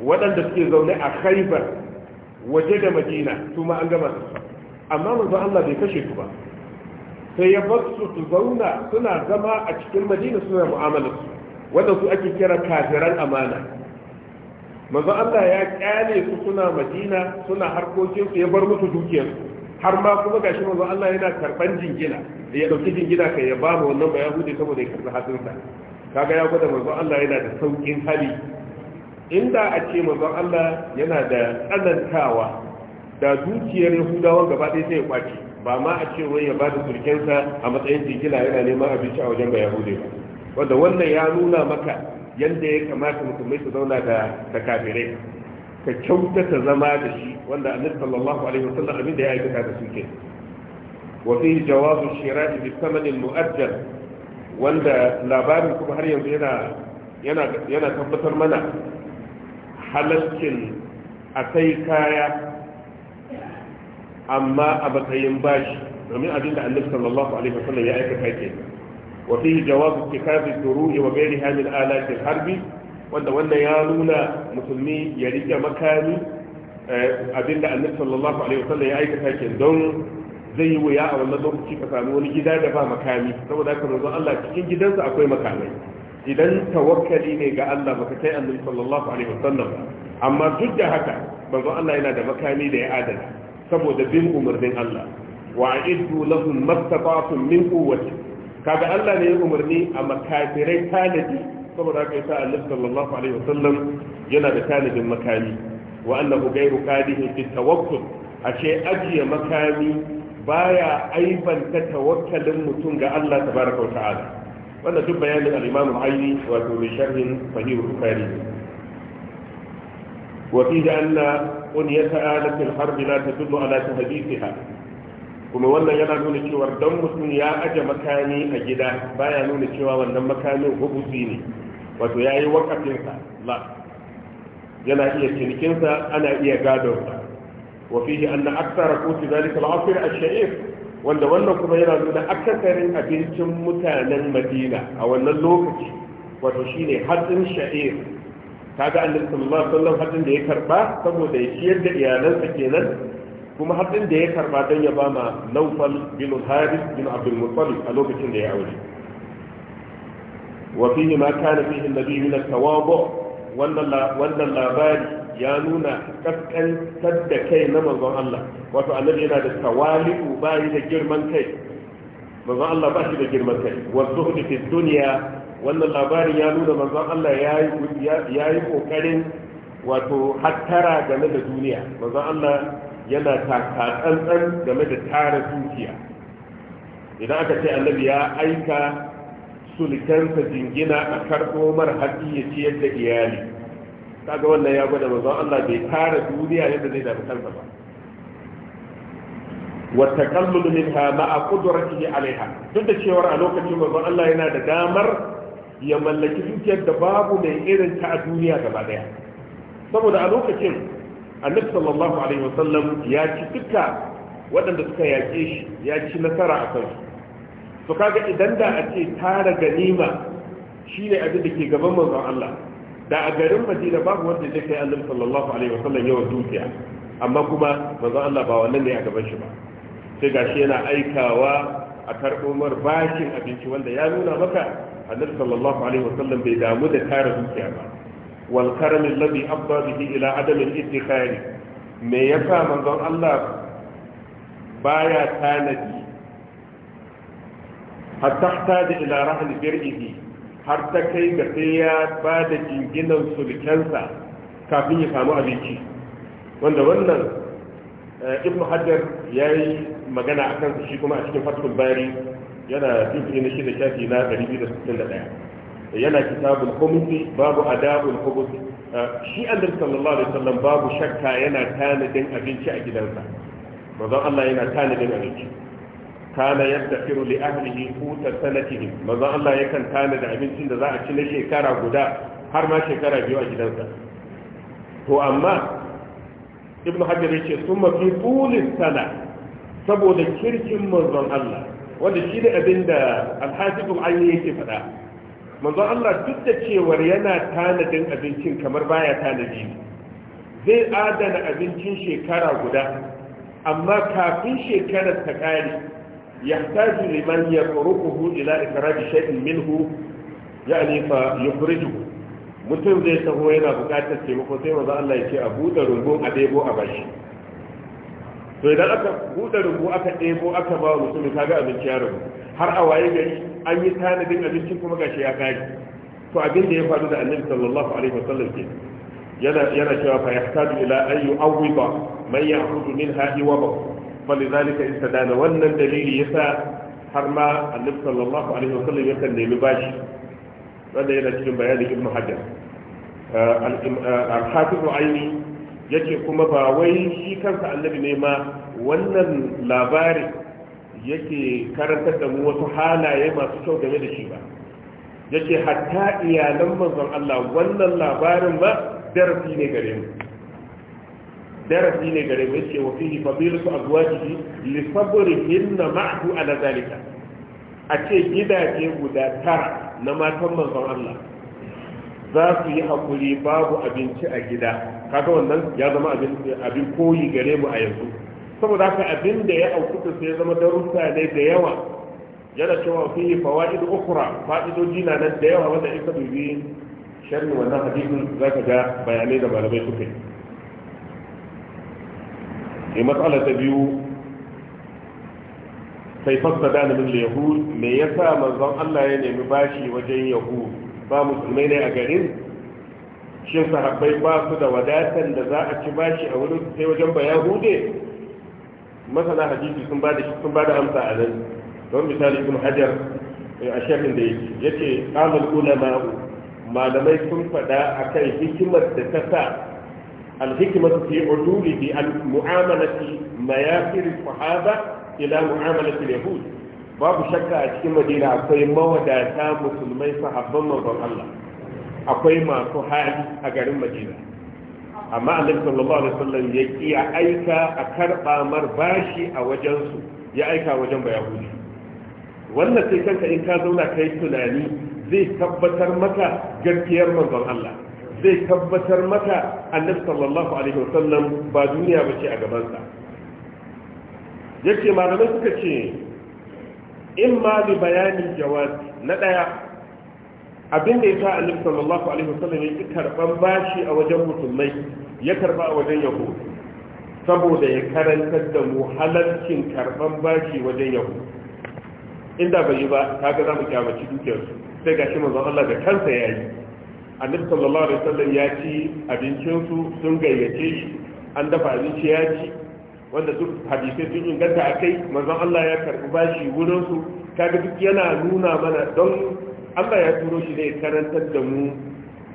waɗanda suke zaune a khaibar waje da madina su ma an gama da su amma manzo Allah bai kashe su ba sai ya bar su su zauna suna zama a cikin madina suna mu'amalar su wanda su ake kira kafiran amana manzo Allah ya kyale su suna Madina suna harkokin su ya bar musu dukiyar har ma kuma gashi manzo Allah yana karban jingina da ya dauki jingina kai ya ba mu wannan ba yahudi saboda ya karbi sa kaga ya gwada manzo Allah yana da saukin hali inda a ce manzo Allah yana da tsanantawa da dukiyar yahudawa gaba ɗaya sai ya kwace ba ma a ce wai ya ba da surkensa a matsayin jingina yana neman abinci a wajen ba yahudi ba wanda wannan ya nuna maka yadda ya kamata musulmai su zauna da kafirai ka kyautata zama da shi wanda annabi sallallahu alaihi wasallam abin da ya aikata da su ke wa fi jawazu shira'i bi thamani mu'ajjal wanda labarin kuma har yanzu yana yana yana tabbatar mana halaskin a kai kaya amma a matsayin bashi domin abin da annabi sallallahu alaihi wasallam ya aikata ke وفيه جواز اتخاذ الدروع وغيرها من آلات Harbi, wanda wannan ya nuna musulmi ya rike makami abinda annabi sallallahu alaihi wasallam ya aikata ke don zai yi wuya a wannan lokaci ka sami wani gida da ba makami saboda haka manzon Allah cikin gidansa akwai makamai idan tawakkali ne ga Allah baka kai annabi sallallahu alaihi wasallam amma duk da haka manzon Allah yana da makami da ya adana saboda bin umarnin Allah wa a'iddu lahum mastata'tum min quwwatin kaga Allah ne ya umarni a makafirai tanadi saboda haka yasa Annabi sallallahu alaihi wasallam yana da tanadin makami wa annahu ghayru qadihin fi tawakkul ashe ajiye makami baya aibanta tawakkalin mutum ga Allah tabaraka wa ta'ala wannan duk bayanin al-Imam al-Aini wato bi sharhin Sahih al-Bukhari وفيه أن قنية آلة الحرب لا تدل على تهديدها kuma wannan yana nuna cewa don mutum ya aje makami a gida baya nuna cewa wannan makamin hubusi ne wato ya yi wakafinsa la yana iya cinikinsa ana iya gadonsa wa fihi anna aksara kuti zalika al-asr al-sha'ir wanda wannan kuma yana nuna akasarin abincin mutanen Madina a wannan lokaci wato shine hatsin sha'ir kaga annabi sallallahu alaihi wasallam hatsin da ya karba saboda ya ciyar da iyalansa kenan kuma har haɗin da ya karba don ya ba ma naufal bin haris bin abdul muttalib a lokacin da ya aure wa fihi ma kana fihi nabi min tawadu wannan wannan labari ya nuna kaskantar da kai na manzon Allah wato annabi yana da tawali'u bayi da girman kai manzon Allah ba shi da girman kai wa zuhdi fi dunya wannan labarin ya nuna manzon Allah ya yi kokarin wato hattara game da duniya manzon Allah yana taka tsantsan game da tara dukiya idan aka ce annabi ya aika sulkansa jingina a karɓo mara ya ciyar da iyali kaga wannan ya gwada mazan Allah bai tara duniya yadda zai damu kansa ba wata kallon minha ma'a kudurakki alaiha duk da cewar a lokacin mazan Allah yana da damar ya mallaki dukiyar da babu mai irin ta a duniya gaba daya saboda a lokacin annabi sallallahu alaihi wasallam ya ci duka waɗanda suka yaƙe shi ya ci nasara a kansu to kaga idan da a ce tara ganima shine abin da ke gaban manzon Allah da a garin Madina babu wanda zai kai annabi sallallahu alaihi wasallam yawan dukiya amma kuma manzon Allah ba wannan ne a gaban shi ba sai gashi yana aikawa a karɓo mar bashin abinci wanda ya nuna maka annabi sallallahu alaihi wasallam bai damu da tara dukiya ba wal labi alladhi abba bihi ila adam al iddikhari me yasa manzon Allah baya tanadi hatta ta da ila rahal bir'ihi har ta kai ga sai ya ba da jinginan sulkensa kafin ya samu abinci wanda wannan eh, ibn hajar ya yi magana a kansa kuma a cikin fatul bari yana jufi na shida shafi na 261 yana kitabul khumusi babu adabul khubus uh, shi annabi sallallahu alaihi wasallam babu shakka yana tanadin abinci a gidansa manzon Allah yana tanadin abinci kana yaddafiru li ahlihi quta sanatihim manzon Allah yakan tanada abincin da za a ci na shekara guda har ma shekara biyu a gidansa to amma ibn hajar yace summa fi tulis sana saboda kirkin manzon Allah wanda shi ne abinda alhajibul ayyi yake faɗa manzo Allah duk da cewar yana tanadin abincin kamar baya tanadi zai adana abincin shekara guda amma kafin shekarar ta kare yahtaju liman yaqruhu ila ikrari shay'in minhu ya'ni fa yukhrijuh mutum zai taho yana bukatar taimako sai manzo Allah ya ce a buɗe rungun a debo a bashi to idan aka buɗe rungu aka ɗebo aka ba mutumin kaga abinci ya rubu har a waye gari an yi tanadin abinci kuma gashi ya kare to abin da ya faru da annabi sallallahu alaihi wasallam ke yana yana cewa fa yahtaju ila an yu'awwida man ya'khudhu minha iwaba falidhalika istadana wannan dalili yasa har ma annabi sallallahu alaihi wasallam yakan nemi bashi wanda yana cikin bayanin ibnu hajar al-hafiz aini yake kuma ba wai shi kansa annabi ne ma wannan labarin yake karantar da mu wasu halaye masu kyau game da shi ba yake hatta iyalan manzon Allah wannan labarin ba darasi ne gare mu darasi ne gare mu yace wa fihi azwajihi li sabrihin ma'hu ala zalika a ce gidaje guda tara na matan manzon Allah za su yi hakuri babu abinci a gida kaga wannan ya zama abin koyi gare mu a yanzu saboda haka abin da ya ta sai zama darussa ne da yawa yana cewa fi fawaid ukhra fa'idoji na nan da yawa wanda in ka dubi sharhi wannan hadisin zaka ga bayanai da malamai suke yi matsala ta biyu sai fassada da min yahud me yasa manzon Allah ya nemi bashi wajen yahud ba musulmai ne a garin shin sahabbai ba su da wadatan da za a ci bashi a wurin sai wajen ba yahude masana hadisi sun bada sun bada amsa a nan don misali ibn hajar eh, a shafin da yake yace qamal ulama malamai sun fada akan hikimar da ta sa al-hikmatu fi bi al-mu'amalati mayasir sahaba ila mu'amalati al-yahud babu shakka a cikin madina akwai mawadata musulmai sahabban manzon Allah akwai masu hali a garin madina amma annabi sallallahu alaihi wasallam ya iya aika a karba mar bashi a wajen su ya aika wajen bayahudi wannan sai kanka in ka zauna kai tunani zai tabbatar maka gaskiyar manzon Allah zai tabbatar maka annabi sallallahu alaihi wasallam ba duniya bace a gaban sa. yake malamai suka ce in ma bi bayanin jawazi na daya abin da ya sa annabi sallallahu alaihi wasallam ya karban bashi a wajen musulmai ya karba a wajen yahudu saboda ya karantar da mu halarcin karban bashi wajen yahudu inda bai yi ba kaga za mu kyamaci dukiyarsu sai gashi manzon Allah da kansa ya yi annabi sallallahu alaihi wasallam ya ci abincinsu sun gayyace shi an dafa abinci ya ci wanda duk hadisai sun inganta a kai manzon Allah ya karbi bashi wurinsu kaga duk yana nuna mana don Allah ya turo shi ne karantar da mu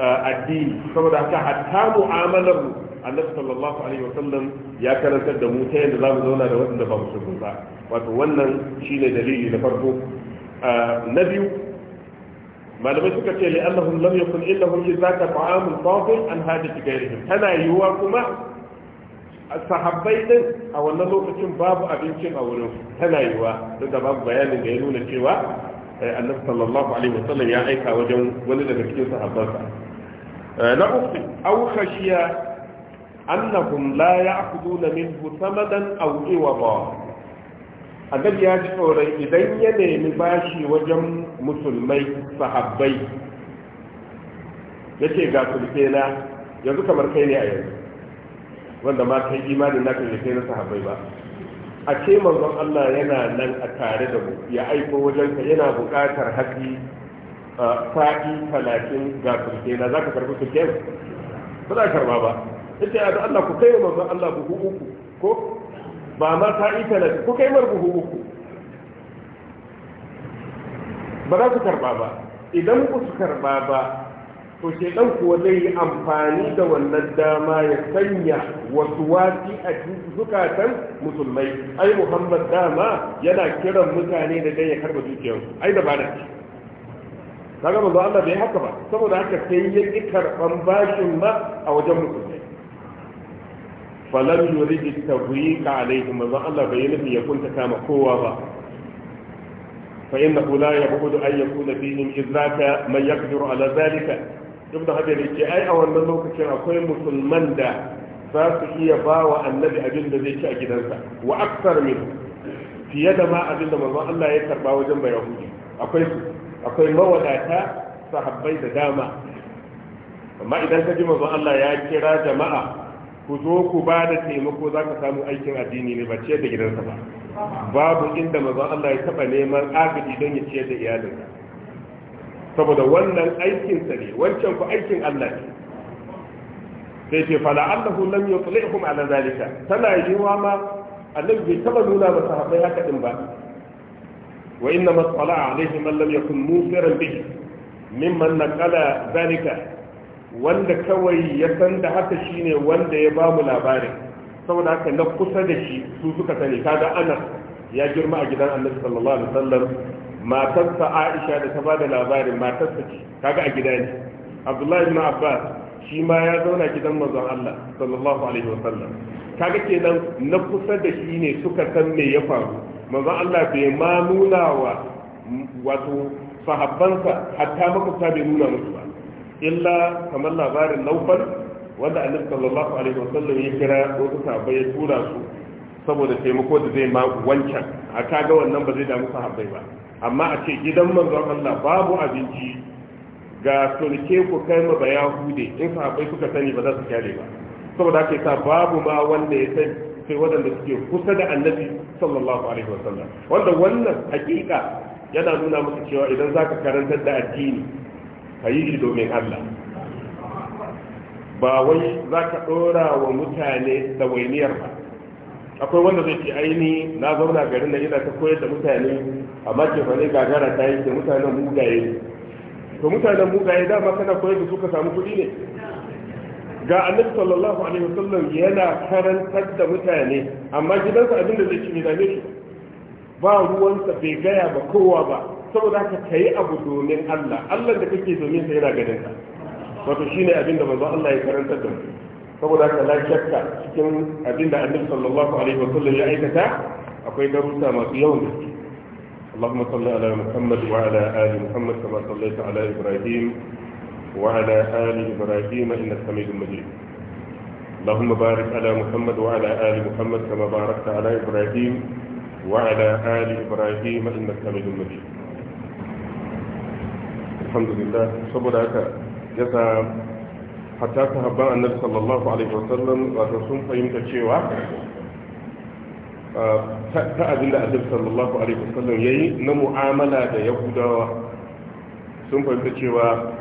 addini saboda haka hatta mu'amalar mu annabi sallallahu alaihi wasallam ya karantar da mu ta yadda zamu zauna da waɗanda ba musulmi ba wato wannan shine dalili na farko na biyu malamai suka ce li'annahum lam yakun illa hum zaka ta'amul fadil an hadith ghairihim tana yiwuwa kuma sahabbai din a wannan lokacin babu abincin a wurin tana yiwuwa duk da babu bayanin da ya nuna cewa annabi sallallahu alaihi wasallam ya aika wajen wani daga cikin sahabbansa Eh, na uku au khashiya annahum la ya'khuduna minhu samadan aw iwada annabi ya ci tsoron idan ya nemi bashi wajen musulmai sahabbai ce ga sulkena yanzu kamar kai ne a yanzu wanda ma kai imanin na ne na sahabbai ba a ce manzon Allah yana nan a tare da mu ya aiko ka yana buƙatar haƙi sa'i talatin ga sulke na za ka karbi ke ba za karba ba ita ya da Allah ku kai manzon Allah buhu uku ko ba ma sa'i talatin ku kai mar buhu uku ba za ku karba ba idan ku su karba ba to shekan dan ku yi amfani da wannan dama ya sanya wasu wasi a zukatan musulmai ai muhammad dama yana kiran mutane da dai ya karba zuciyarsu ai da ba da kaga manzo Allah bai haka ba saboda haka sai ya ki karban bashin ba a wajen musulmai falam yurid tawfiq alaihim manzo Allah bai nufi ya kunta kama kowa ba fa inna la yabudu an yakuna fihim izlaka man yaqdiru ala zalika da hajar yace ai a wannan lokacin akwai musulman da za su iya ba wa annabi abin da zai ci a gidansa wa aksar min fiye da ma abin da manzon Allah ya karba wajen bayahudi akwai su akwai mawadata sahabbai da dama amma idan ka ji manzo Allah ya kira jama'a ku zo ku ba da taimako za ka samu aikin addini ne ba ciyar da gidansa ba babu inda manzo Allah ya taba neman agaji don ya ciyar da iyalinsa saboda wannan aikinsa ne wancan ku aikin Allah ne sai ce fala allahu lam yutlihum ala zalika tana yiwa ma annabi bai taba nuna ba sahabbai haka din ba وإنما اطلع عليه من لم يكن موسرا به ممن نقل ذلك wanda kawai ya san da haka shine wanda ya ba mu labarin saboda haka na kusa da shi su suka sani kaga anas ya girma a gidan annabi sallallahu alaihi wasallam matarsa aisha da ta da labarin matarsa kaga a gida ne abdullahi abbas shi ma ya zauna gidan manzon allah sallallahu alaihi wasallam kaga kenan na kusa da shi ne suka san me ya faru manzon Allah bai ma nuna wa wato sahabbansa hatta makwabta bai nuna musu ba illa kamar labarin laufar wanda annabi sallallahu alaihi wasallam ya kira wasu sahabbai ya tura su saboda taimako da zai ma wancan a kaga wannan ba zai damu sahabbai ba amma a ce gidan manzon Allah babu abinci ga sulke ku kai ma ba yahude in sahabbai suka sani ba za su kyale ba saboda ake sa babu ma wanda ya sani sai waɗanda suke kusa da annabi sallallahu alaihi wasallam wanda wannan hakika yana nuna maka cewa idan zaka ka karantar da addini ka yi shi domin Allah ba wai za ka ɗora wa mutane da wainiyar ba akwai wanda zai ce aini na zauna garin na ina ta koyar da mutane amma ke fa ne gagara ta yi ke mutanen mugaye to mutanen mugaye dama kana koyar da su ka samu kuɗi ne ga annabi sallallahu alaihi wasallam yana karantar da mutane amma gidansa abin da zai ci ne dame shi ba ruwansa bai gaya ba kowa ba saboda haka ka yi abu domin Allah Allah da kake domin sa yana ganin ka wato shine abin da manzo Allah ya karantar da mu saboda haka la shakka cikin abin da annabi sallallahu alaihi wasallam ya aikata akwai darussa masu yawan gaske اللهم صل على محمد وعلى آل محمد كما صليت على إبراهيم وعلى آل إبراهيم إنك حميد مجيد اللهم بارك على محمد وعلى آل محمد كما باركت على إبراهيم وعلى آل إبراهيم إنك حميد مجيد الحمد لله صبرك يسا حتى صحابة النبي صلى الله عليه وسلم وتسوم فهمت الشيوع ta abin da annabi sallallahu alaihi wasallam yayi na mu'amala da yahudawa sun fahimta cewa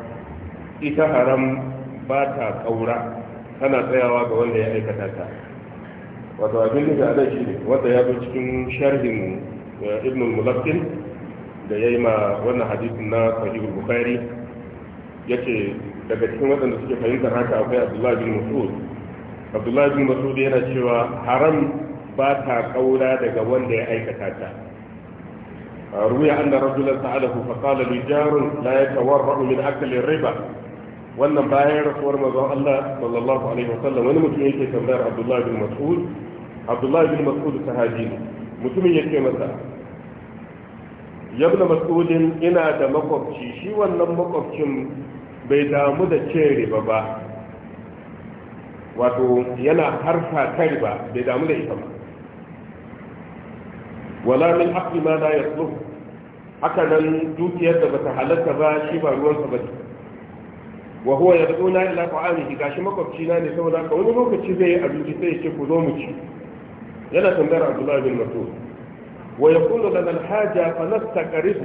ita haram ba ta kaura tana tsayawa ga wanda ya aikata ta wato abin da ga shi ne wanda ya zo cikin sharhin eh, ibn al-mulaqqin da yayi ma wannan hadisin na sahih bukhari ce daga cikin waɗanda suke fahimtar haka akwai abdullahi bin mas'ud abdullahi bin mas'ud yana cewa haram ba ta kaura daga wanda ya aikata ta روي أن رجلا سأله فقال لجار لا يتورع من أكل الربا wannan bayan rasuwar mazan Allah sallallahu alaihi wasallam wani mutum yake tambayar Abdullahi bin Mas'ud Abdullah bin Mas'ud sahabi ne mutumin yake masa yabna mas'udin ina da makwabci shi wannan makwabcin bai damu da cin riba ba wato yana harka ta riba bai damu da ita ba wala min aqli ma la yasluh haka nan dukiyar da bata halatta ba shi ba ruwansa ba wa huwa yad'una ila ga shi makwabci na ne saboda ka wani lokaci zai yi abinci sai ya ce ku zo mu ci yana tambayar Abdullah bin Mas'ud wa yaqulu lana al-haja fa nastaqrib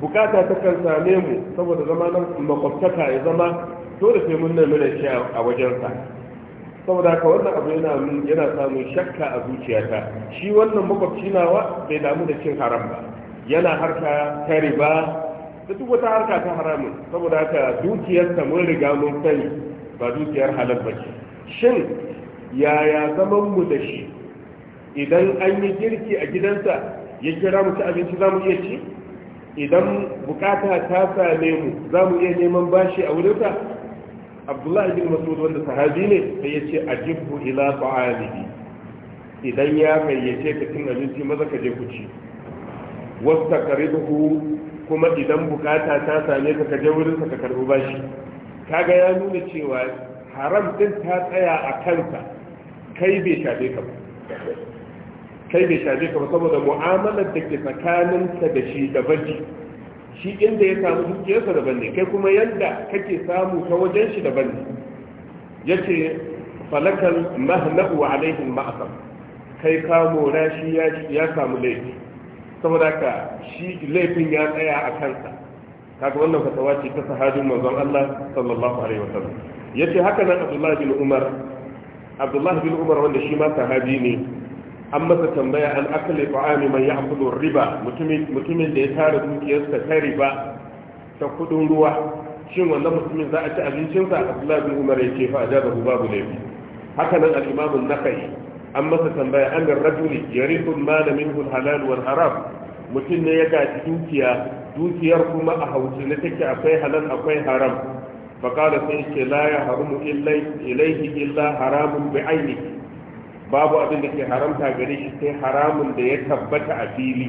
bukata ta kan same mu saboda zama nan makwabtaka ya zama dole sai mun nemi shi a wajensa saboda ka wannan abu yana yana samun shakka a zuciyata shi wannan makwabci nawa bai damu da cin haram ba yana harka ta riba da duk wata harka ta haramun saboda haka dukiyarsa mun riga mun sani ba dukiyar halal ba ce shin yaya zaman mu da shi idan an yi girki a gidansa ya kira mu ci abinci za mu iya ci idan bukata ta same mu za mu iya neman bashi a wurinsa abdullahi bin masud wanda sahabi ne sai ya ce a jibbu ila ta'alihi idan ya gayyace ka cin abinci maza ka je ku ci wasta karibuhu kuma idan bukata ta same ka ka je sa ka karɓi bashi kaga ya nuna cewa haram din ta tsaya a kanka kai bai shafe ka kai bai shafe ka saboda mu'amalar da ke ka da shi da baji shi inda ya samu dukiyarsa daban ne kai kuma yadda kake samu ta wajen shi daban ne yace falakal mahna'u alaihim ma'asam kai ka mora shi ya samu laifi saboda ka shi laifin ya tsaya a kansa kaga wannan fatawa ce ta sahabin manzon Allah sallallahu alaihi wasallam yace haka nan Abdullah bin Umar Abdullah bin Umar wanda shi ma sahabi ne an masa tambaya an akali ta'ami man ya'kulu riba mutumin mutumin da ya tara dukiyarsa ta riba ta kudin ruwa shin wannan mutumin za a ci abincinsa Abdullah bin Umar yace fa ajabahu babu laifi haka nan al-Imam an-Nakhai an masa tambaya an ga rajuli yarithul mala minhu halal wal haram mutum ne ya gaji dukiya dukiyar kuma a hauce ne take akwai halal akwai haram fa qala sai ce la ya harumu illa ilayhi illa haramun bi aini babu abin da ke haramta gare shi sai haramun da ya tabbata a fili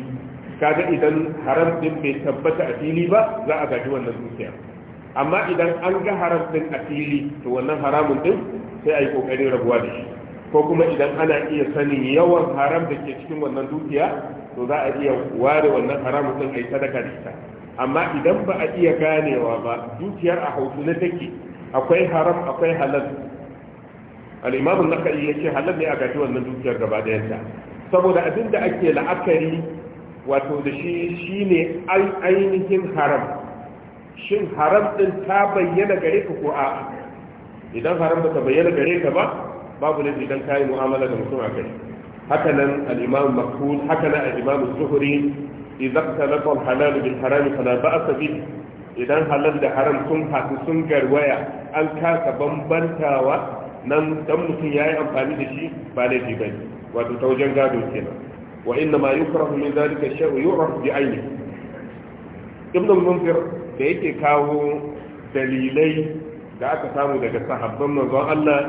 kaga idan haram din bai tabbata a fili ba za a gaji wannan dukiya amma idan an ga haram din a fili to wannan haramun din sai a yi kokarin rabuwa da shi ko kuma idan ana iya sanin yawan haram da ke cikin wannan dukiya to za a iya ware wannan haram din ai sadaka da ita amma idan ba a iya ganewa ba dukiyar a hausu ne take akwai haram akwai halal al-imam an-nakhai yake halal ne a gaji wannan dukiyar gaba yanta saboda abin da ake la'akari wato da shi shine ainihin haram shin haram din ta bayyana gare ka ko a'a idan haram ba ta bayyana gare ka ba babu laifi ka yi mu'amala da mutum a kai haka nan al makhul haka nan al-imam zuhri idan talaqa al-halal bil haram fala ba'sa idan halal da haram sun hasu sun garwaya an kasa bambantawa nan dan mutum yayi amfani da shi ba laifi ne. wato ta wajen gado kenan wa inna ma yukrahu min dhalika shay'u yu'raf bi ayni ibn munzir da yake kawo dalilai da aka samu daga sahabban manzon Allah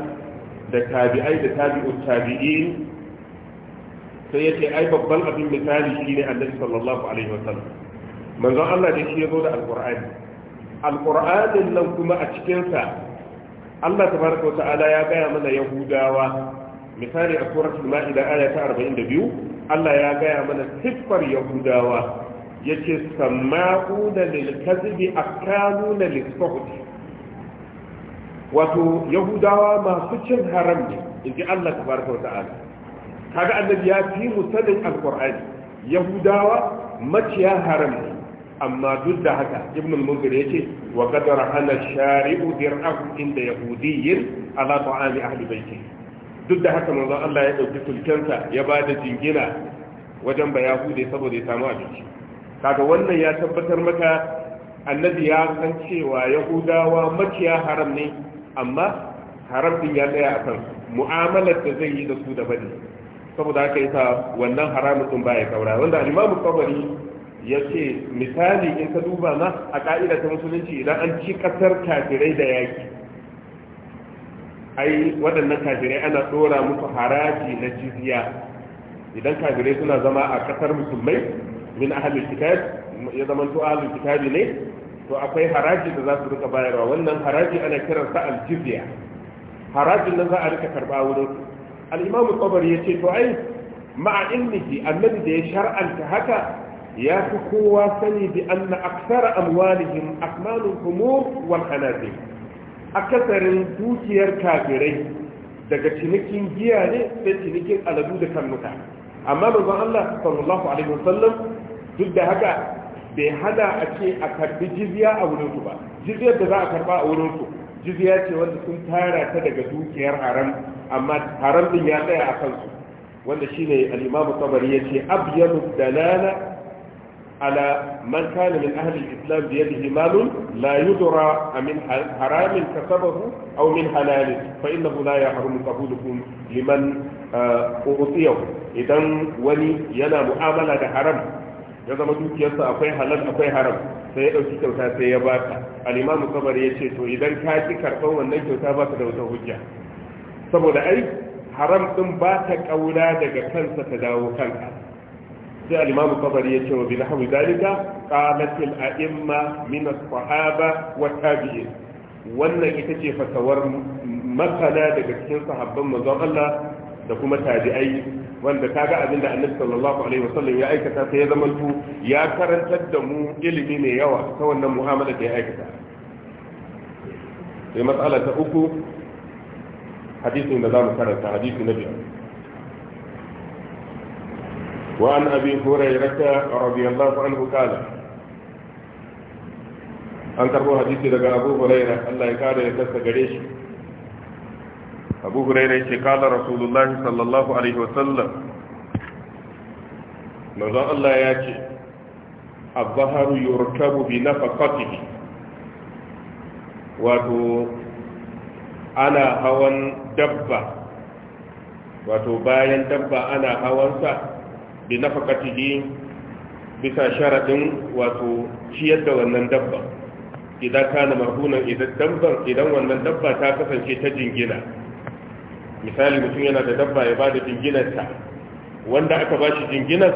da tabi'ai da tabi'ut tabi'in sai yace ai babban abin misali shine annabi sallallahu alaihi wasallam manzon Allah da shi yazo da alqur'ani alqur'anin nan kuma a cikin sa Allah tabaraka ta'ala ya gaya mana yahudawa misali a suratul ma'ida aya ta 42 Allah ya gaya mana siffar yahudawa yace sama'una lil kadhibi akaluna lis-suhti wato yahudawa masu cin haram ne in ji allah tabaraka wa ta'ala kaga annabi ya fi mu sanin yahudawa maciya haram ne amma duk da haka ibn al ya yace wa qad hana shari'u dir'ahu inda yahudiyyin ala ta'ami ahli baiti duk da haka manzon Allah ya dauki sulkensa ya da jingina wajen ba yahude saboda ya samu abinci kaga wannan ya tabbatar maka annabi ya san cewa yahudawa maciya haram ne amma haram din ya tsaya akan mu'amalar da zai yi da su da bane saboda haka yasa wannan haramun din baya kaura wanda al-Imam Tabari yace misali in ka duba ma a ka'ida ta musulunci idan an ci kasar kafirai da yaki ai waɗannan kafirai ana dora musu haraji na jizya idan kafirai suna zama a kasar musulmai min ahlul kitab ya zama to ahlul kitabi ne to akwai haraji da za su rika bayarwa wannan haraji ana sa aljizya harajin nan za a rika karba wurin su al-imamu qabari yace to ai ma'a ilmihi annabi da ya shar'anta haka ya fi kowa sani bi anna aksara amwalihim akmalul humur wal hanazir akasarin dukiyar kafirai daga cinikin giya ne sai cinikin aladu da kannuka amma manzon Allah sallallahu alaihi wasallam duk da haka bai hada a ce a karbi jizya a wurinsu ba jizyar da za a karba a wurinsu jizya ce wanda sun tara ta daga dukiyar haram amma haram din ya tsaya a kansu wanda shine al-imamu tabari yace abyadu dalala ala man kana min ahli al-islam bi yadihi malun la yudra min haramin kasabahu aw min halalin fa innahu la yahrumu qabulukum liman uh, ughtiyahu idan wani yana mu'amala da haram ya zama dukiyarsa akwai halal akwai haram sai ya ɗauki kyauta sai ya baka al'imamu kabar ya ce to idan ka ki karɓar wannan kyauta ba ka da wata hujja saboda ai haram ɗin ba ta ƙaura daga kansa ta dawo kanka sai al'imamu kabar ya ce wa bi nahawi dalika qalatil a'imma min as-sahaba wa tabi'in wannan ita ce fatawar masana daga cikin sahabban manzon Allah da kuma tabi'ai wanda ta ga abin da annabi sallallahu alaihi wasallam ya aikata sai ya zama su ya karantar da mu ilimi mai yawa ta wannan mu'amala da ya aikata sai matsala ta uku hadisin da za mu karanta hadisi na biyar وعن أبي هريرة رضي الله عنه قال أنكر حديث لك أبو ya الله gare shi. abu huraira yake kala rasulullahi sallallahu alaihi wasallam manzon Allah ya ce abbaharu yurkabu bi nafaqatihi wato ana hawan dabba wato bayan dabba ana hawansa bi nafaqatihi bisa sharadin wato ciyar da wannan dabba idan kana marhunan idan dabban idan wannan dabba ta kasance ta jingina misali mutum yana da dabba ya ba da ta. wanda aka ba shi jinginar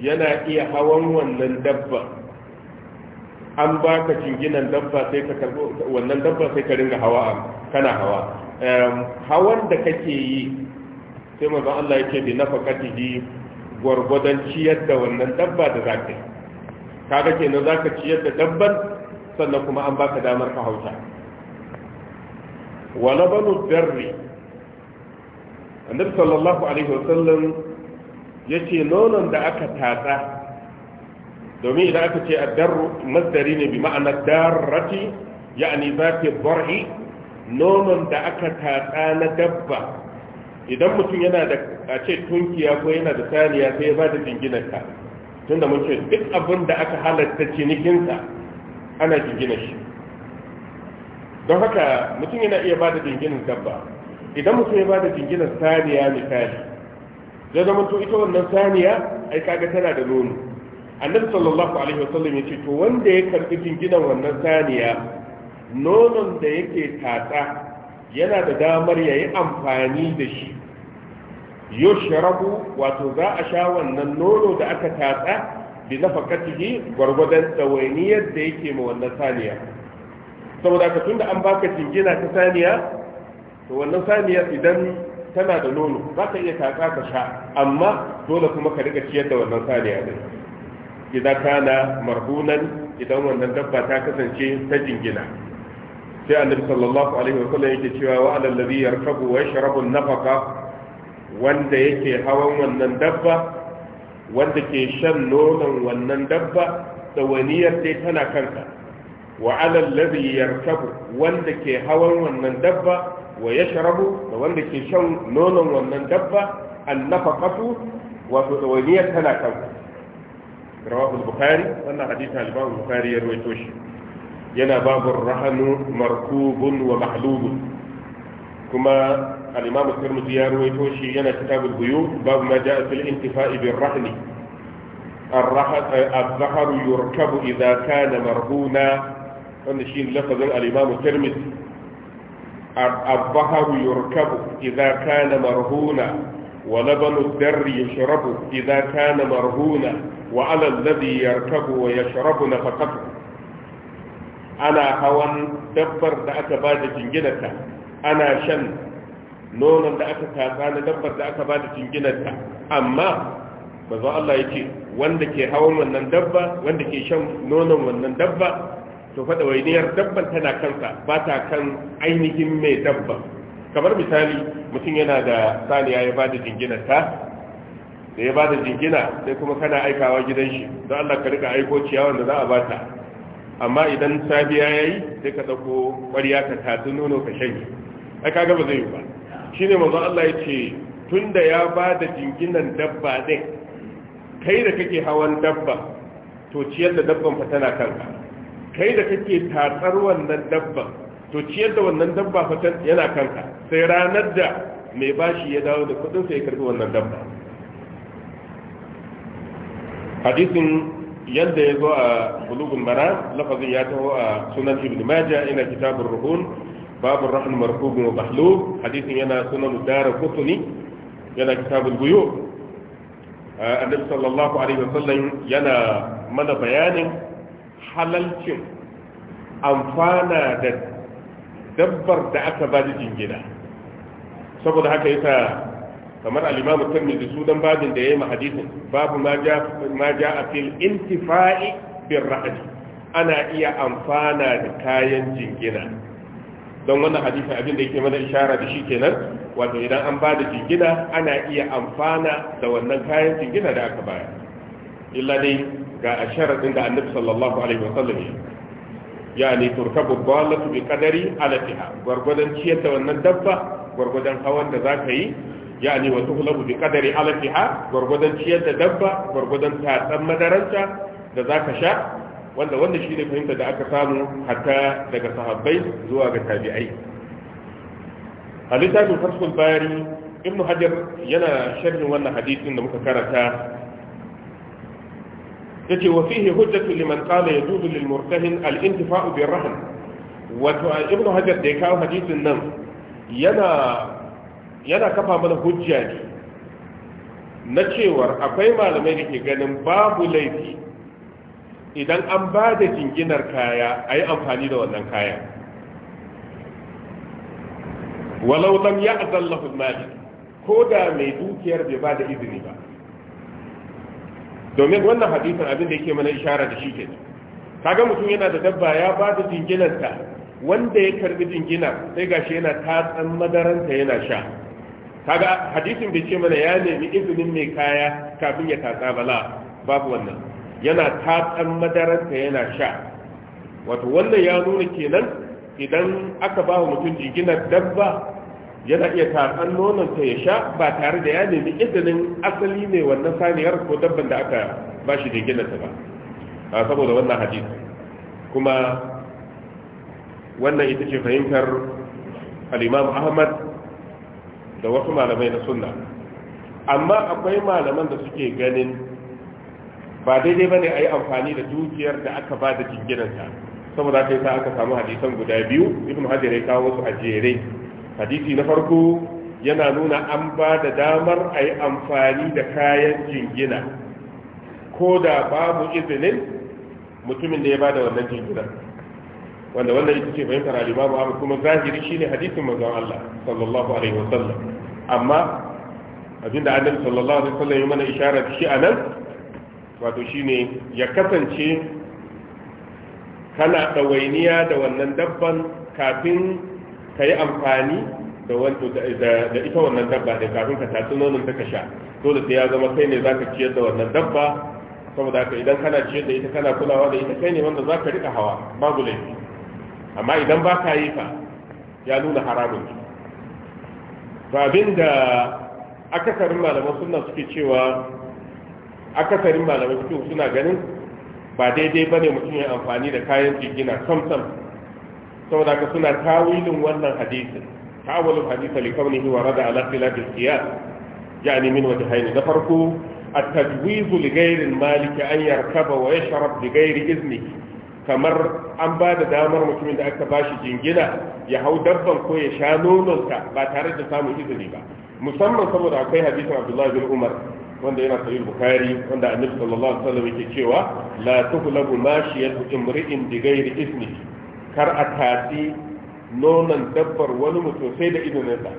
yana iya hawan wannan dabba an ba ka jinginan dabba sai ka karbo wannan dabba sai ka ringa hawa kana hawa hawan da kake yi sai mazan Allah ya ce bi nafaqatihi gwargwadon ciyar da wannan dabba da zaka yi kaga kenan zaka ciyar da dabban sannan kuma an baka damar ka hauta wala banu darri annabi sallallahu alaihi wasallam ce nonon da aka tatsa domin idan aka ce addarru masdari ne bi ma'ana darrati ya'ani zati bar'i nonon da aka tatsa na dabba idan mutum yana da a ce tunkiya ko yana da saniya sai ya ba da jinginarta tunda mun ce duk abin da aka halatta cinikinsa ana jingina shi don haka mutum yana iya ba da jinginin dabba idan mutum ya da jinginar saniya misali zai zama to ita wannan saniya ai kaga tana da nono annabi sallallahu alaihi wasallam ce to wanda ya karbi cinginan wannan saniya nonon da yake tatsa yana da damar ya yi amfani da shi yushrabu wato za a sha wannan nono da aka tatsa bi nafaqatihi gwargwadon tsawainiyar da yake ma wannan saniya saboda ka tunda an baka jingina ta saniya to wannan saniyar idan tana da nono za ka iya kaka ka sha amma dole kuma ka riga ciyar da wannan saniya din idan kana marhunan idan wannan dabba ta kasance ta jingina sai annabi sallallahu alaihi wa sallam yake cewa wa alal ladhi yarkabu wa yashrabu nafaqa wanda yake hawan wannan dabba wanda ke shan nonon wannan dabba tsawaniyar dai tana kanka wa alal ladhi yarkabu wanda ke hawan wannan dabba ويشرب وعند كيشون نون ومن دبا النفقة وهي تلاكا رواه البخاري أن حديث الباب البخاري يروي توشي ينا باب الرهن مركوب ومحلوب كما الإمام الترمذي يروي توشي ينا كتاب البيوت باب ما جاء في الانتفاء بالرهن الرهن الظهر يركب إذا كان مرهونا أن شيء لفظ الإمام الترمذي الظهر يركب إذا كان مرهونا ولبن الدر يشرب إذا كان مرهونا وعلى الذي يركب ويشرب نفقته أنا هون دبر دعك بعد جنجنتا أنا شن nonon da aka tatsa na dabbar da aka ba da jinginarta amma ba za Allah ya ce wanda ke hawan wannan dabba wanda ke shan nonon wannan dabba to fa ɗawainiyar dabban tana kansa ba ta kan ainihin mai dabban kamar misali mutum yana da saniya ya ba da jingina ta da ya ba da jingina sai kuma kana aikawa gidan shi don Allah ka rika aiko ciyawan da za a ba ta. amma idan safiya yayi sai ka dauko ƙwarya ka tatsi nono ka shanye ai ga ba zai yi ba shine manzo Allah yace tunda ya ba da jinginan dabba din kai da kake hawan dabba to ciyar da dabban fa tana kanka kai da kake tatsar wannan dabba to ciyar da wannan dabba fatan yana kanka sai ranar da mai bashi ya dawo da kudin sai ya karbi wannan dabba hadisin yadda ya zo a bulugun mara lafazin ya taho a sunan ibn majah ina kitabun ruhun babun Rahman marhubun wa bahlu hadisin yana sunan dara kutuni yana kitabun guyo annabi sallallahu alaihi wasallam yana mana bayanin halalcin amfana da dabbar da aka ba jingina saboda haka yasa kamar al-imam da su dan babin da yayi hadisin babu ma ja ma ja fil intifa'i bin ra'd ana iya amfana da kayan jingina don wannan hadisi abin da yake mana ishara da shi kenan wato idan an ba da jingina ana iya amfana da wannan kayan jingina da aka bayar illa dai ga a sharaɗin da annabi sallallahu alaihi wasallam ya yani turkabu dallatu bi qadari alatiha gwargwadon ciyar da wannan dabba gwargwadon hawan da za ka yi yani wa tuhlabu bi qadari alatiha gwargwadon ciyar da dabba gwargwadon tatsan madaranta da za ka sha wanda wanda shi ne fahimta da aka samu hatta daga sahabbai zuwa ga tabi'ai a littafin farkon bayani ibnu hajar yana sharhin wannan hadisin da muka karanta التي وفيه هجة لمن قال يجوز للمرتهن الانتفاء بالرهن وابن هجر ديكاو حديث النم ينا ينا كفى من هجاج نتشيور أفايما لما يجي غنم باب ليتي إذن أمبادة جنجنر كايا أي أمفاني دو أنن كايا ولو لم يأذن له المالك كودا ميدوكير ببعد إذن بقى domin wannan hadisin abin da yake mana ishara da shi ke kaga mutum yana da dabba ya ba da jinginanta wanda ya karbi jingina sai gashi yana tatsan madaranta yana sha kaga hadisin bai ce mana ya nemi izinin mai kaya kafin ya tatsa bala babu wannan yana tatsan madaranta yana sha wato wannan ya nuna kenan idan aka ba mutum jinginar dabba yana iya tatsan nonon ta ya sha ba tare da ya nemi izinin asali ne wannan saniyar ko dabban da aka ba shi ta ba saboda wannan hadisi kuma wannan ita ce fahimtar al'imam ahmad da wasu malamai na sunna amma akwai malaman da suke ganin ba daidai ba ne a yi amfani da dukiyar da aka ba da jinginarsa saboda aka yi sa aka samu hadisan guda biyu ibn hajjere kawo su a jere hadisi na farko yana nuna an ba da damar a yi amfani da kayan jingina ko da babu izinin mutumin da ya ba da wannan jingina wanda wannan ita ce fahimtar alimamu abu kuma zahiri shi ne hadisin mazan Allah sallallahu alaihi wasallam amma abinda annabi sallallahu alaihi wasallam ya mana isharar shi a nan wato shi ne ya kasance kana ɗawainiya da wannan dabban kafin ka yi amfani da ita wannan dabba da kafin ka tatsi nonon ta ka sha dole sai ya zama kai ne za ka ciyar da wannan dabba saboda haka idan kana ciyar da ita kana kulawa da ita kai ne wanda za ka rika hawa babu laifi amma idan ba ka yi fa ya nuna haramun ki to abin da akasarin malaman sunna suke cewa akasarin malaman suke suna ganin ba daidai bane mutum ya amfani da kayan jigina sam sam saboda ka suna tawilin wannan hadisin tawilin hadisa li kaunihi wa rada ala khilaf al-qiyas yani min wajhayn na farko a tajwiz li ghayri al an yarkaba wa yashrab bi ghayri iznihi kamar an ba da damar mutumin da aka bashi jingina ya hau dabban ko ya sha nononsa ba tare da samun izini ba musamman saboda akwai hadisin abdullahi bin umar wanda yana sahih bukhari wanda annabi sallallahu alaihi wasallam yake cewa la tuhlabu mashiyatu imri'in bi ghairi iznihi kar a tafi nonon dabbar wani mutum sai da idanunsa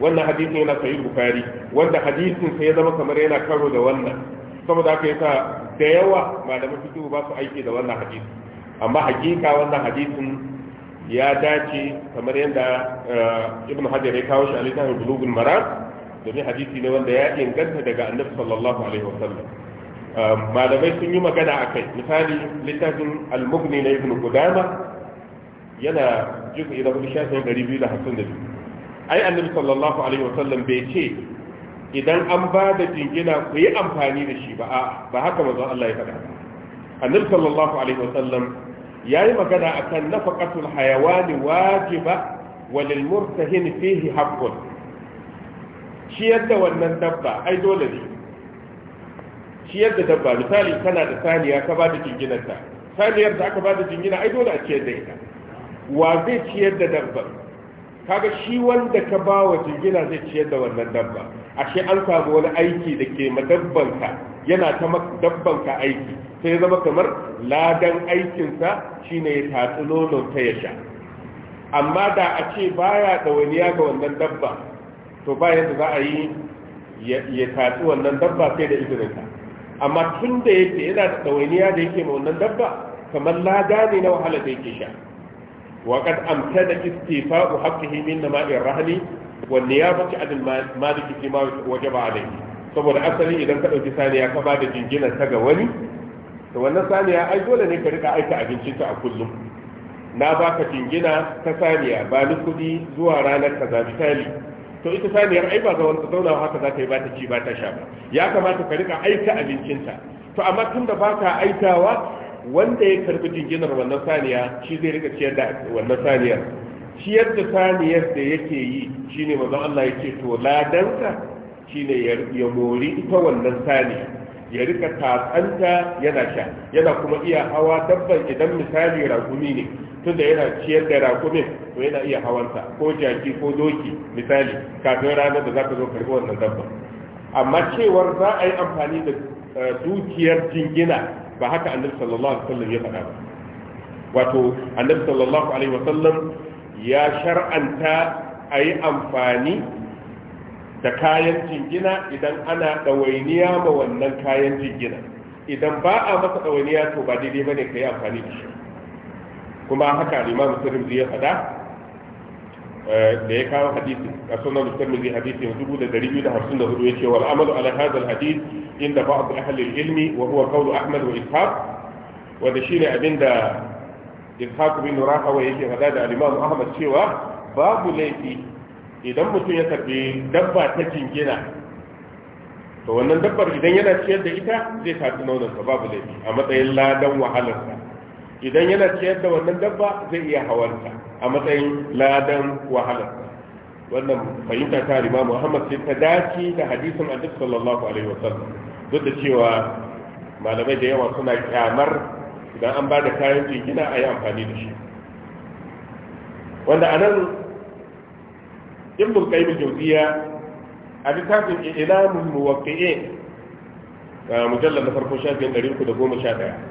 wannan hadisin yana sayi bukari wanda hadisin sai ya zama kamar yana karo da wannan saboda haka yasa da yawa malaman fiqh ba su aiki da wannan hadisi amma hakika wannan hadisin ya dace kamar yadda eh, ibn hajar ya kawo shi a littafin bulugul Mara domin hadisi ne wanda ya inganta daga annabi sallallahu alaihi wasallam eh, malamai sun yi magana a kai misali littafin al-mughni na ibn qudama yana juz'i na hudu shafin ɗari biyu da hamsin da biyu ai annabi sallallahu alaihi wasallam bai ce idan an ba da jingina ku yi amfani da shi ba a ba haka manzon Allah ya faɗa annabi sallallahu alaihi wasallam yi magana akan nafaqatul hayawani wajiba walil murtahin fihi haƙƙun. ciyar da wannan dabba ai dole ne ciyar da dabba misali tana da saniya ka ba da jinginarta saniyar da aka ba da jingina ai dole a ciyar da ita wa zai ciyar da dabba kaga shi wanda ka ba wa jingina zai ciyar da wannan dabba ashe an samu wani aiki da ke ma dabbanka yana ta dabbanka aiki sai zama kamar ladan aikinsa shine ya tatsi nono ta ya sha amma da a ce baya ɗawainiya ga wannan dabba to ba yadda za a yi ya tatsi wannan dabba sai da izininka amma tun da yake yana da ɗawainiya da yake ma wannan dabba kamar lada ne na wahala da yake sha wa qad amtada istifa'u haqqihi min nama'ir rahli wa niyabati 'an maliki fi ma wajaba alayhi saboda asali idan ka ɗauki saniya ka ba da jinginar ta ga wani to wannan saniya ai dole ne ka rika aika abincin ta a kullum na baka jingina ta saniya ba ni kudi zuwa ranar kaza misali to ita saniyar ai ba ga wani zauna haka za ta yi ba ta ci ba ta sha ba ya kamata ka rika aika abincinta to amma tun da baka aikawa wanda ya karbi jinginar wannan saniya shi zai rika ciyar da wannan saniyar ciyar da saniyar da yake yi shine manzon Allah ya ce to ladanka shine ya mori ta wannan saniya ya rika tatsanta yana sha yana kuma iya hawa dabban idan misali rakumi ne tunda yana ciyar da rakumin to yana iya hawansa ko jaki ko doki misali kafin ranar da za ka zo karbi wannan dabban amma cewar za a yi amfani da eh, dukiyar jingina ba haka annabi sallallahu alaihi wasallam ya faɗa ba wato annabi sallallahu alaihi wasallam ya shar'anta a yi amfani da kayan jingina idan ana ɗawainiya ma wannan kayan jingina idan ba a masa ɗawainiya to ba daidai ba ne ka yi amfani da shi kuma haka limamu sirri ya faɗa Eh, da ya kawo hadisi a sunan tirmidhi hadisi na dubu da dari biyu da hamsin da hudu ya ce wal amalu ala hadha al hadith inda ba'd ahli al ilmi wa huwa qawlu ahmad wa ishaq wa da shine abinda ishaq bin rahawa yake faɗa da al-imam ahmad cewa babu laifi idan mutum ya tafi dabba ta jingina to wannan dabbar idan yana ciyar da ita zai tafi naunansa babu laifi a matsayin ladan wahalarsa idan yana ciyar da wannan dabba zai iya hawarta a matsayin ladan wahala, wannan fahimta ta rima muhammad sai ta dace da hadisin Addis sallallahu alaihi wasallam duk da cewa malamai da yawa suna kyamar idan an ba da kayan jingina a yi amfani da shi wanda a nan ibn qayyim jawziya a littafin ilamun muwaqqi'in mujallal na farko shafin 311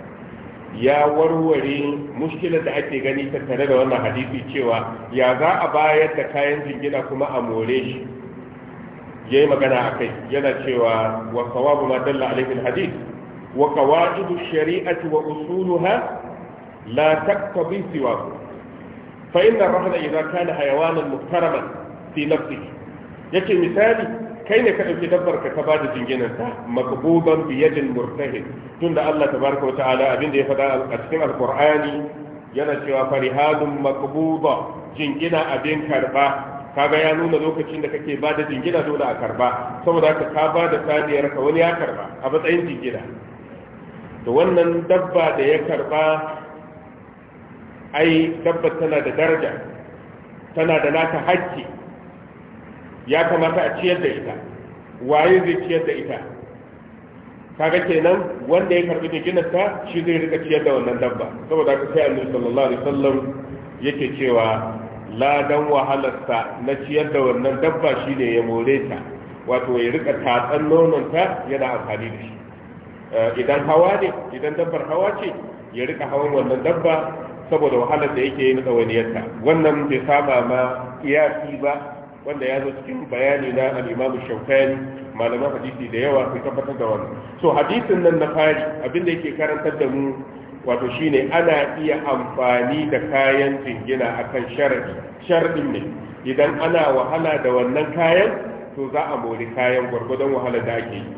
ya warware mushkilar da ake gani tattare da wannan hadisi cewa ya za a bayar da kayan jingina kuma a more shi yayi magana kai. yana cewa wa sawabu ma dalla alaihi wa qawaidu shari'ati wa ha? la taktabi siwahu fa inna ar-rahna idha kana hayawanan muhtaraman fi nafsihi yake misali kai ne ka ɗauki dabbar ka ka bada jinginan ta maqbuban bi yadin murtahin tunda Allah tabaraka wa ta'ala abinda ya faɗa a cikin alqur'ani yana cewa farihadun maqbuba jingina abin karba kaga ya nuna lokacin da kake ba da jingina dole a karba saboda ka ka ba da ka wani ya karba a matsayin jingina to wannan dabba da ya karba ai dabba tana da daraja tana da nata hakki ya kamata a ciyar da ita waye zai ciyar da ita kaga kenan wanda ya karbi ta shi zai rika ciyar da wannan dabba saboda haka sai annabi sallallahu alaihi wasallam yake cewa ladan wahalasta na ciyar da wannan dabba shi ya more ta wato ya rika tatsan nonon ta yana amfani da shi eh, idan hawa ne idan dabbar hawa ce ya rika hawan wannan dabba saboda wahalar da yake yi na tsawaniyarta wannan bai saba ma iyaki ba wanda ya zo cikin bayani na al-Imam Shawkani malaman hadisi da yawa sun tabbatar da wannan so hadisin nan na fari da yake karantar da mu wato shine ana iya amfani da kayan jingina akan sharadi sharadin ne idan ana wahala da wannan kayan to za a mori kayan gwargwadon wahala da ake yi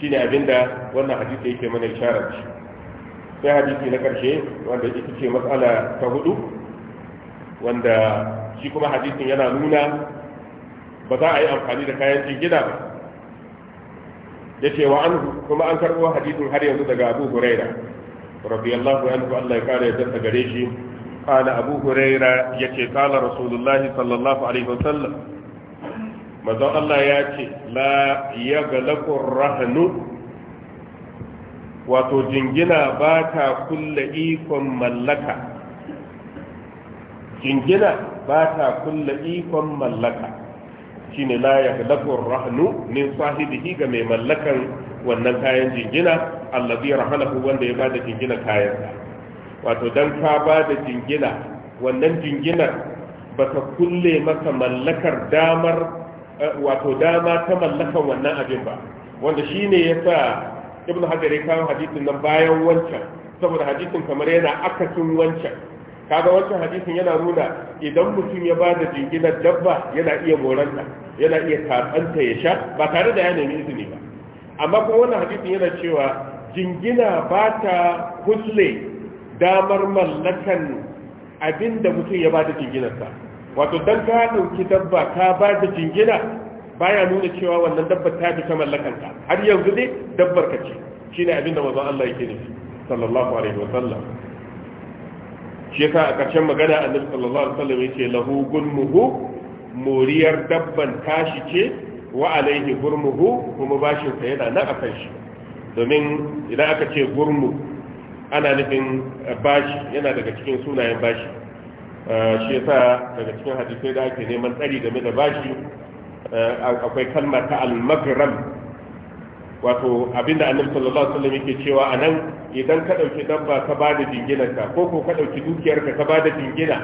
shine da wannan hadisi yake mana isharar shi sai hadisi na karshe wanda ita ce matsala ta hudu wanda shi kuma hadisin yana nuna ba za a yi amfani da kayan gida ba ya ce wa anhu kuma an karɓo hadisin har yanzu daga abu huraira radiyallahu anhu Allah ya kare yadda gare shi kana abu huraira ce, kala rasulullahi sallallahu alaihi wasallam mazan Allah ya ce la ya galakun rahanu wato jingina ba ta kulle ikon mallaka jingina ba ta kulle ikon mallaka shine la yahlaku rahnu min sahibihi ga mai mallakan wannan kayan jingina allazi rahalahu wanda ya bada jingina kayansa wato dan ka bada jingina wannan jinginar baka kulle masa mallakar damar eh, wato dama ta mallakan wannan abin ba wanda shine yasa ibnu hajar ya kawo hadisin nan bayan wancan saboda hadisin kamar yana akasin wancan kaga wancan hadisin yana nuna idan mutum ya ba da jinginar dabba yana iya moranta, yana iya tatsanta ya sha ba tare da ya nemi izini ba amma kuma wannan hadisin yana cewa jingina ba ta kulle damar mallakan abinda mutum ya ba da jinginarsa wato dan ka ɗauki dabba ka ba da jingina baya nuna cewa wannan dabba ta fi ta ka. har yanzu dai dabbar ka ce shine abin da manzon Allah yake nufi sallallahu alaihi wa sallam shi yasa a karshen magana annabi sallallahu alaihi ya yake lahu gulmuhu moriyar dabban tashi ce wa alaihi gurmuhu kuma bashin sa yana nan a shi domin idan aka ce gurmu ana nufin bashi yana daga cikin sunayen bashi uh, shi yasa daga cikin hadisai da ake neman tsari game da bashi uh, akwai kalmar ta al wato abinda annabi sallallahu alaihi wasallam yake cewa anan idan ka dauki dabba ka bada dingina ka ko ko ka dauki dukiyar ka ka bada dingina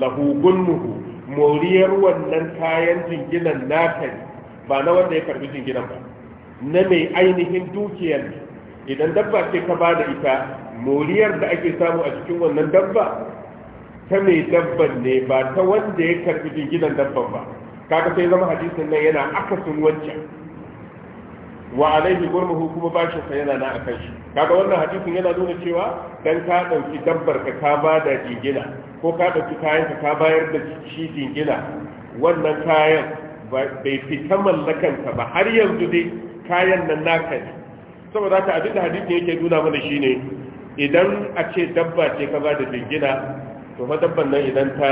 lahu gunnuhu moriyar wannan kayan dinginan naka ba na wanda ya karbi dinginan ba na mai ainihin dukiyar idan dabba ce ka bada ita moriyar da ake samu a cikin wannan dabba ta mai dabban ne ba ta wanda ya karbi dinginan dabban ba kaga sai zama hadisin nan yana akasin wancan wa alaihi gurmuhu kuma bashin sai yana na akan shi kaga wannan hadisin yana nuna cewa dan ka dauki dabbar ka ka ba da jingina ko ka dauki kayan ka ka bayar da shi jingina wannan kayan bai fita mallakan ka ba har yanzu dai kayan nan naka ne saboda haka abinda hadisin yake nuna mana shine idan a ce dabba ce ka ba da jingina to fa dabban nan idan ta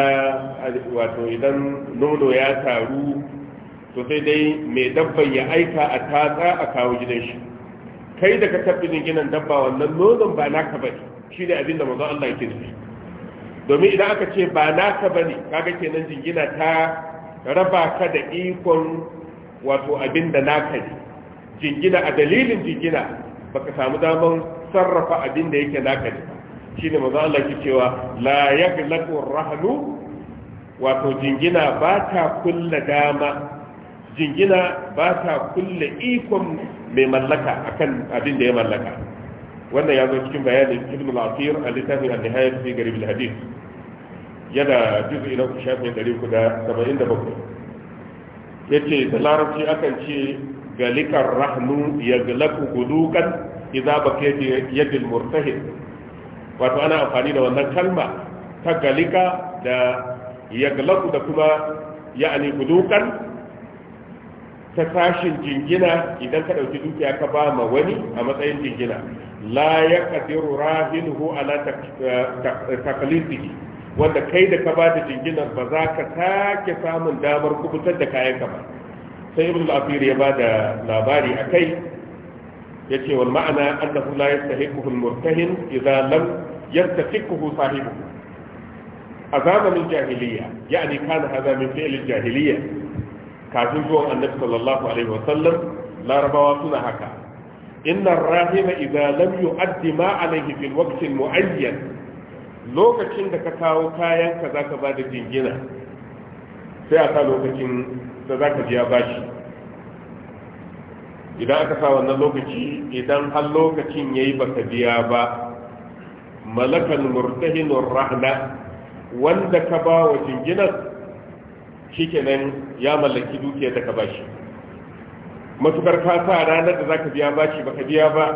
wato idan nono ya taru to sai dai mai dabba ya aika a tatsa a kawo gidan shi kai da ka tafi ginin dabba wannan nonon ba naka ba ne shi ne abin da mazan Allah yake nufi domin idan aka ce ba naka ba ne kaga kenan jingina ta raba ka da ikon wato abin da naka ne jingina a dalilin jingina baka samu damar sarrafa abin da yake naka ne Shi ne mazan Allah yake cewa la yaglaqu rahlu wato jingina ba ta kulla dama jingina ba ta kulle ikon mai mallaka akan abin da ya mallaka wannan ya zo cikin bayanin ibn al-asir a littafin al-nihayat fi garib al-hadith yana juzu ila shafin 377 yace da larabci akan ce galikar rahnu yaglaku gudukan idza bakiyati yadil murtahid wato ana amfani da wannan kalma ta galika da ya yaglaku da kuma ya'ani gudukan ta tashin jingina idan ka ɗauki dukiya ka ba ma wani a matsayin jingina la ya ƙadiru rahinuhu ala takalisihi wanda kai da ka ba da jinginar ba za ka sake samun damar kubutar da kayan ka ba sai ibn al-afir ya ba da labari a kai ya ce wal ma'ana annahu la yastahiquhu al-murtahin idza lam yastahiquhu sahibu a zamanin jahiliya ya'ni kana hadha min fi'l al-jahiliya kafin zuwan annabi sallallahu alaihi wasallam larabawa suna haka inna rahima idza lam yu'addi ma alaihi fil waqti mu'ayyan lokacin da ka kawo kayan ka zaka ba da jingina sai a sa lokacin da zaka biya bashi idan aka sa wannan lokaci idan har lokacin yayi baka biya ba malakan murtahinur rahna wanda ka ba wa jinginar shikenan ya mallaki dukiyar da ka bashi matukar ka sa ranar da zaka biya bashi baka biya ba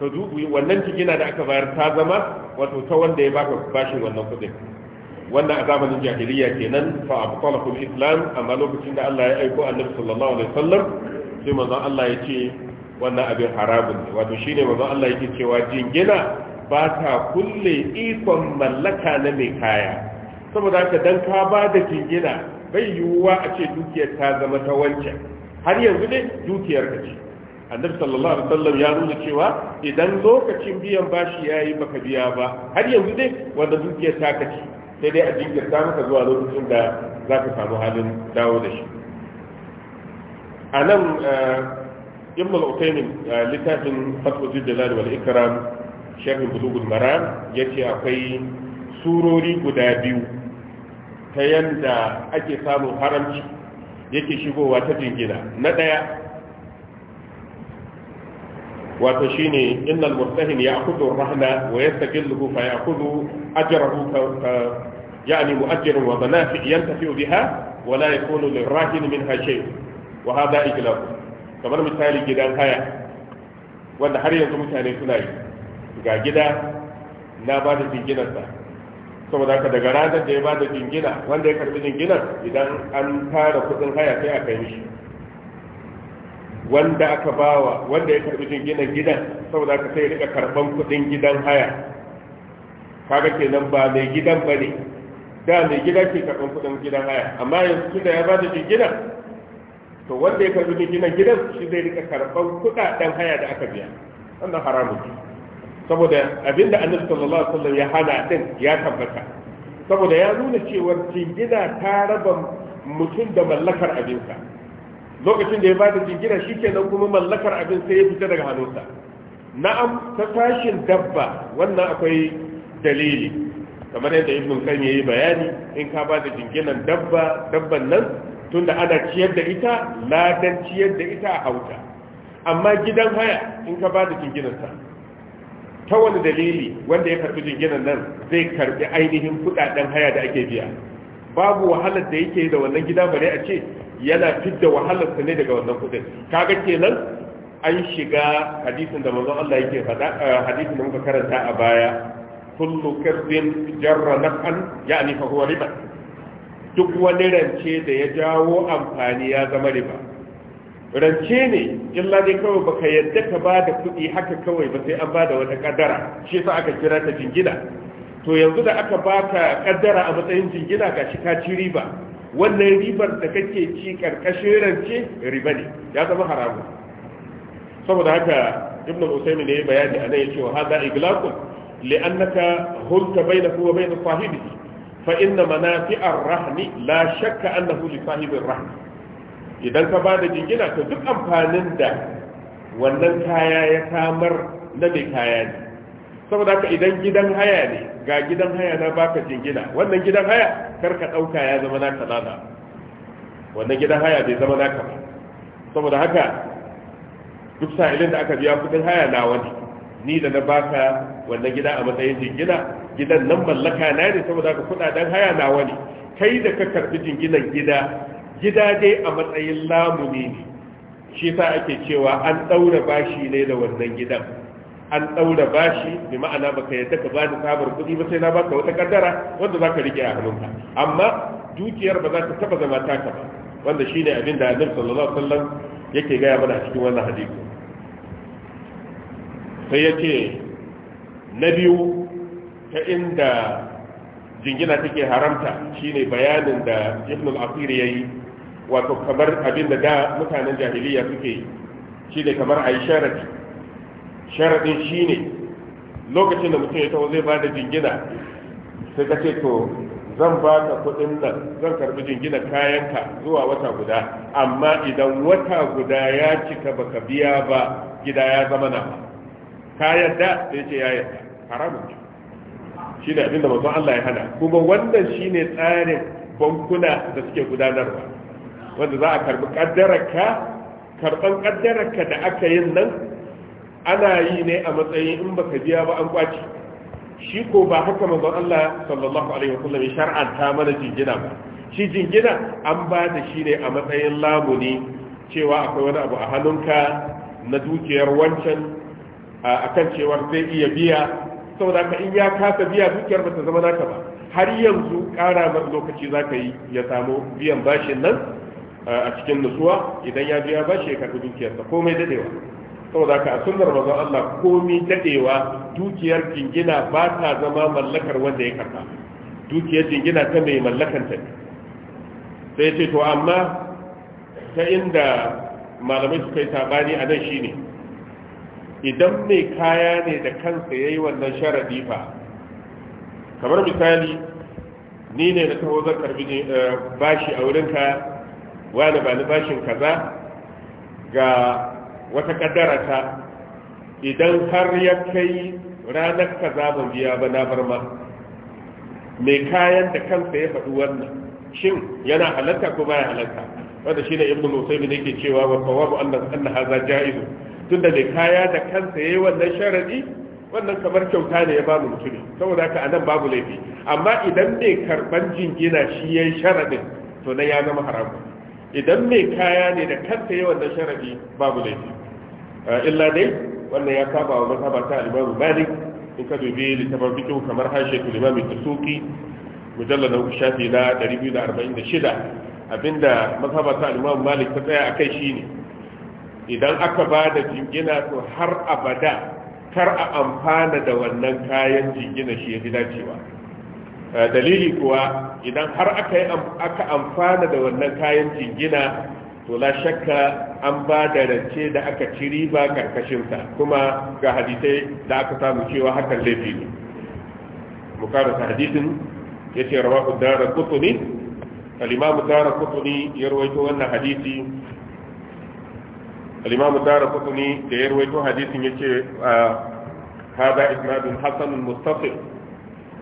to dubu wannan jigina da aka bayar ta zama wato ta wanda ya baka shi wannan kudin wannan a zamanin jahiliya kenan fa abtalahu islam amma lokacin da Allah ya aiko annabi sallallahu alaihi wasallam sai mazan Allah ya ce wannan abin haramun ne wato shine mazan Allah yake cewa jingina ba ta kulle ikon mallaka na mai kaya saboda haka dan ka ba da jingina bai yiwuwa a ce dukiyar ta zama ta wancan har yanzu dai dukiyar ka ce annabi sallallahu alaihi wasallam ya nuna cewa idan lokacin biyan bashi yayi baka biya ba har yanzu dai wanda dukiyar ta ka ce sai dai a ta maka zuwa lokacin da za ka samu halin dawo da shi a nan eh, ibn al-utaymin eh, littafin fatwa jidalal wal ikram sharhin bulugul maram yace akwai surori guda biyu ta yadda ake samun haramci yake shigowa ta jingina na ɗaya wato shine innal mustahin Kudu rahna wa yastaqilluhu fa ya'khudhu ajrahu يعني مؤجر ومنافع ينتفع بها ولا يكون للراهن منها شيء وهذا إجلاب كما مثال gidan هيا wanda har yanzu mutane suna yi ga gida na ba da jinginarsa saboda haka daga ranar da ya bada jingina wanda ya karbi jingina idan an tara kudin haya sai a kai shi wanda aka bawa wanda ya karbi jinginan gidan saboda haka sai rika karban kudin gidan haya kaga kenan ba mai gidan ba ne, da mai gida ke karban kudin gidan haya amma yanzu tunda ya bada jingina to wanda ya karbi jinginan gidan shi zai rika karban kudaden haya da aka biya wannan haramun ne saboda abinda annabi sallallahu alaihi wasallam ya hana din ya tabbata saboda ya nuna cewa jingina ta raba mutum da mallakar abinsa lokacin da ya bada jingina shikenan kuma mallakar abin sai ya fita daga hannunsa na'am ta tashin dabba wannan akwai dalili kamar yadda ibn qayyim yayi bayani in ka bada jinginan dabba dabban nan tunda ana ciyar da ita ladan ciyar da ita a hauta amma gidan haya in ka bada jinginan sa ta wani dalili wanda ya karbi jinginan nan zai karbi ainihin kudaden haya da ake biya babu wahalar da yake da wannan gida bare a ce yana fidda wahalar sa ne daga wannan kudin kaga kenan an shiga hadisin da manzon Allah yake faɗa hadisin da muka karanta a baya kullu kirdin jarra naf'an ya'ni fa huwa riba duk wani rance da ya jawo amfani ya zama riba rance ne illa dai kawai baka yadda ka ba da kuɗi haka kawai ba sai an ba da wata kadara shi sa aka kira ta jingina to yanzu da aka baka kaddara a matsayin jingina ga shi ka ci riba wannan ribar da kake ci karkashin rance riba ne ya zama haramu saboda haka ibn al-usaymin ne bayani a nan ce wa hada iglaqun li'annaka hulka bainahu wa bain sahibihi fa inna manafi'a ar-rahni la shakka annahu li sahibi ar idan ka ba da jingina to duk amfanin da wannan kaya ya samar na mai kaya ne saboda haka idan gidan haya ne ga gidan haya na baka jingina wannan gidan haya kar ka ɗauka ya zama naka lana wannan gidan haya bai zama naka ba saboda haka duk sa'ilin da aka biya kudin haya na wani ni da na baka wannan gida a matsayin jingina gidan nan mallaka na ne saboda haka kudaden haya na wani kai da ka karbi jinginan gida gida dai a matsayin lamuni ne shi sa ake cewa an ɗaura bashi ne da wannan gidan an ɗaura bashi bi ma'ana baka yadda ka ba ni sabar kuɗi ba sai na baka wata kaddara wanda za ka rike a hannunka amma dukiyar ba za ta taba zama taka ba wanda ne abin da annabi sallallahu alaihi wasallam yake gaya mana a cikin wannan hadisi sai yace na biyu ta inda jingina take haramta shine bayanin da ibn al-asir yayi wato kamar abin da da mutanen jahiliya suke yi shi ne kamar a yi sharadi sharadin shi ne lokacin da mutum ya taho zai ba da jingina sai ka ce to zan ba ka kuɗin nan zan karbi jingina kayanka zuwa wata guda amma idan wata guda ya cika baka biya ba gida ya zama na Kayan da sai ce ya haramun shi ne abinda mazan Allah ya hana kuma wannan shi ne tsarin bankuna da suke gudanarwa wanda za a karbi kaddararka karban kaddararka da aka yin nan ana yi ne a matsayin in baka biya ba an kwaci shi ko ba haka manzon Allah sallallahu alaihi wasallam ya shar'anta mana jingina ba shi jingina an ba da shi ne a matsayin lamuni cewa akwai wani abu a hannunka na dukiyar wancan akan cewar zai iya biya saboda ka in ya kasa biya dukiyar ba ta zama naka ba har yanzu kara mar lokaci zaka yi ya samu biyan bashin nan a cikin nutsuwa idan ya biya ba shi ya karɓi dukiyarsa komai dadewa saboda haka a sunnar manzon Allah komai dadewa dukiyar jingina ba ta zama mallakar wanda ya karɓa dukiyar jingina ta mai mallakanta ta sai ce to amma ta inda malamai suka yi sabani a nan shine idan mai kaya ne da kansa ya yi wannan sharadi fa kamar misali ni ne na taho zan karbi eh, bashi a wurinka wani ba ni bashin kaza ga wata kaddara ta idan har ya kai ranar kaza ban biya ba na bar ma mai kayan da kansa ya faɗi wannan shin yana halatta ko baya halatta wanda shine ibnu musaybi ne ke cewa wa sawabu annas anna hadha jaiz tunda mai kaya da kansa yayi wannan sharadi wannan kamar kyauta ne ya bamu mutune saboda haka anan babu laifi amma idan mai karban jingina shi yayi sharadin to na ya zama haramun idan mai kaya ne da kanta yi wannan sharafi, babu laifi ah, illa dai wannan ya saba wa mazhaba ta al Malik in ka dubi littafin fiqh kamar hashiyatul Imam Tusuki mujallal na shafi na 246 abinda mazhaba ta Malik ta tsaya akai shine idan aka ba da jingina to har abada kar a amfana da wannan kayan jingina shi ya fi dacewa Eh, dalili kuwa idan har aka yi aka amfana da wannan kayan jingina to la shakka an ba da rance da aka ci riba karkashinsa kuma ga hadisai da aka samu cewa hakan laifi ne mukarata hadisin ya ce rawa ku dara kutuni alimamu dara kutuni ya rawaito wannan hadisi alimamu dara kutuni da ya rawaito hadisin ya ce ah, hada isnadun hasanun mustafil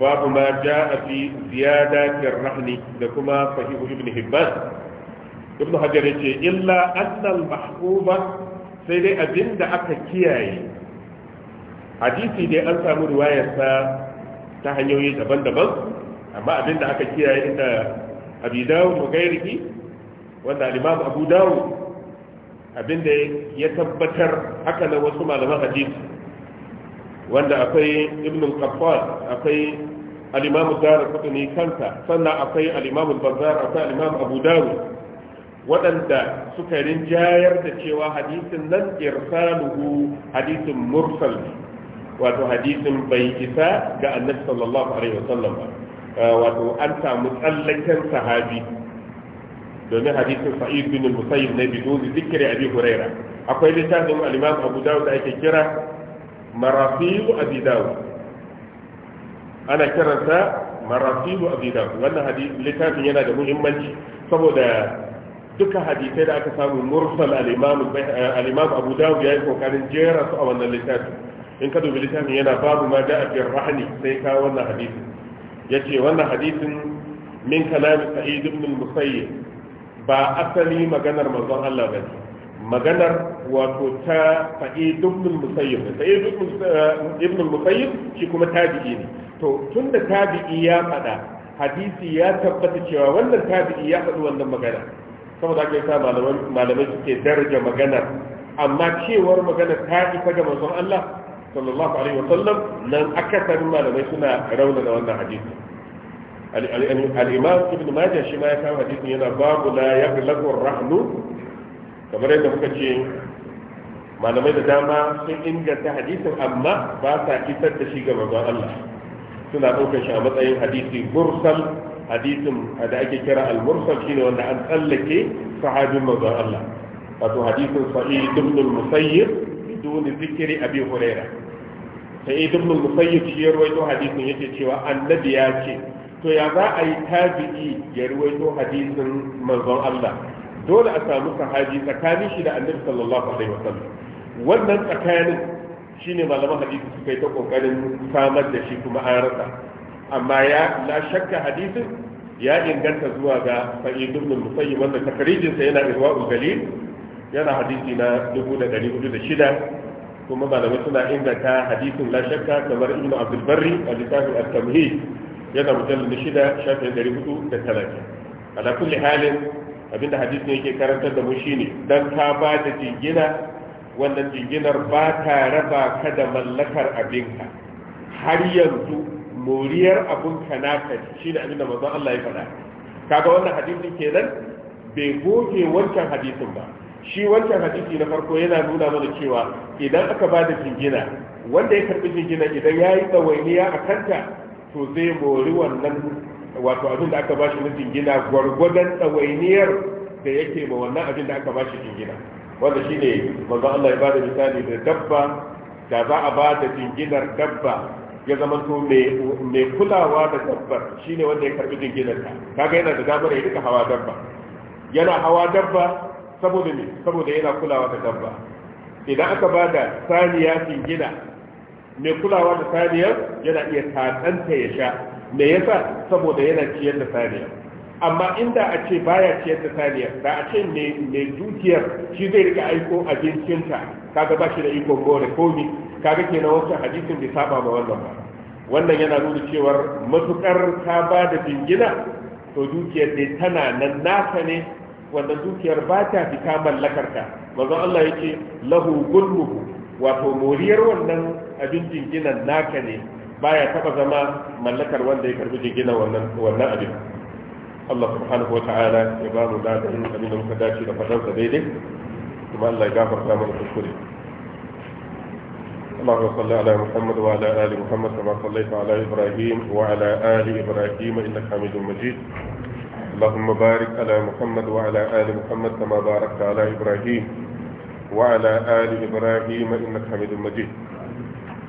babu ma ja'a fi ziyadatir rahni da kuma sahihu ibn hibban ibn hajar yace illa anna al ba sai dai abinda aka kiyaye hadisi dai an samu riwayar sa ta hanyoyi daban-daban amma abinda aka kiyaye inda abi dawud wanda al abu dawud abinda ya tabbatar haka na wasu malaman hadisi wanda akwai ibn al-qaffar akwai al-imam ad-darqutni kanta, sannan akwai al-imam al-bazzar akwai al-imam abu dawud waɗanda suka rinjayar da cewa hadisin nan irsaluhu hadisin mursal wato hadisin bai isa ga annabi sallallahu alaihi wasallam ba eh, wato an samu tsallaken sahabi domin hadisin sa'id bin al-musayyib ne bidon zikri abi huraira akwai littafin al-imam abu dawud da ake kira marafiyu abi ana kiransa marafiyu wannan littafin yana da muhimmanci saboda duka hadisai da aka samu mursal alimamu imam abu dawud yayi kokarin jera su a wannan littafin in ka dubi littafin yana babu ma da abin rahani sai ka wannan wannan hadisin min kalam sa'id ibn musayyib ba asali maganar manzon Allah bane maganar wato ta faɗi dubnul musayyib sai dubnul eh, musayyib shi kuma tabi'i ne to tunda tabi'i ya faɗa hadisi ya tabbata cewa wannan tabi'i ya faɗi wannan magana saboda ake sa malamai suke daraja maganar amma cewar maganar ta isa ga manzon Allah sallallahu alaihi wa sallam nan akasarin malamai suna raunana wannan hadisi al-imam ibn majah shi ma ya kawo hadisin yana babu la yaghlabu ar-rahnu kamar yadda muka ce malamai da dama sun inganta hadisin amma ba sa isar da shi ga manzon Allah suna ɗaukar shi a matsayin hadisi mursal hadisin da ake kira al-mursal shine wanda an tsallake sahabin manzon Allah wato hadisin sa'id ibn al-musayyib dun zikri abi hurairah sai ibn al-musayyib shi rawaito hadisin yake cewa annabi ya ce to ya za a yi tabi'i ya ruwaito hadisin manzon Allah dole a samu sahabi tsakanin shi da annabi sallallahu alaihi wasallam wannan tsakanin shine malaman hadisi suka yi ta kokarin samar da shi kuma an rasa amma ya la shakka hadisin ya inganta zuwa ga sa'id ibn musayyib wanda sa yana irwaul galil yana hadisi na 1406 kuma malamai suna inganta hadisin la shakka kamar ibn abdul barri a littafin at-tamhid yana mujallal 6 shafin 430 ala kulli halin abinda ne yake karantar da mu shine dan ka ba da jingina wannan jinginar ba ta raba ka da mallakar abinka har yanzu moriyar abun abinka naka shine abinda manzon Allah ya faɗa kaga wannan hadisi kenan bai goge wancan hadisin ba shi wancan hadisi na farko yana nuna mana cewa idan aka ba da jingina wanda ya karbi jingina idan ya yi tsawainiya a kanta to zai mori wannan wato abin da aka bashi na jingina gwargwadon ɗawainiyar da yake ba wannan abin da aka bashi jingina wanda shi ne, manzo Allah ya ba da misali da dabba da za a ba da jinginar dabba ya zama to mai kulawa da dabbar shi ne wanda ya karɓi jinginar ta kaga yana da damar ya duka hawa dabba yana hawa dabba saboda ne saboda yana kulawa da dabba idan aka ba da saniya jingina mai kulawa da saniyar yana iya tatsanta ya sha me yasa saboda yana ciyar da saniya amma inda a ce baya ciyar da saniya da a ce me dukiyar shi zai rika aiko abincinta kaga ba shi da ikon gore komi kaga kenan wancan hadisin bai saba ma wannan ba wannan yana nuna cewar matukar ta ba da jingina to dukiyar dai tana nan nasa ne wannan dukiyar ba ta fita mallakarta manzon Allah yake lahu gulmuhu wato moriyar wannan abin jinginan naka ne baya taba zama mallakar wanda ya karbi jingina wannan wannan abin Allah subhanahu wata'ala ya ba mu dadin abin da muka dace da fadarsa daidai kuma Allah ya gafarta mana kuskure اللهم صل على محمد وعلى آل محمد كما صليت على إبراهيم وعلى آل إبراهيم إنك حميد مجيد اللهم بارك على محمد وعلى آل محمد كما باركت على إبراهيم وعلى آل إبراهيم إنك حميد مجيد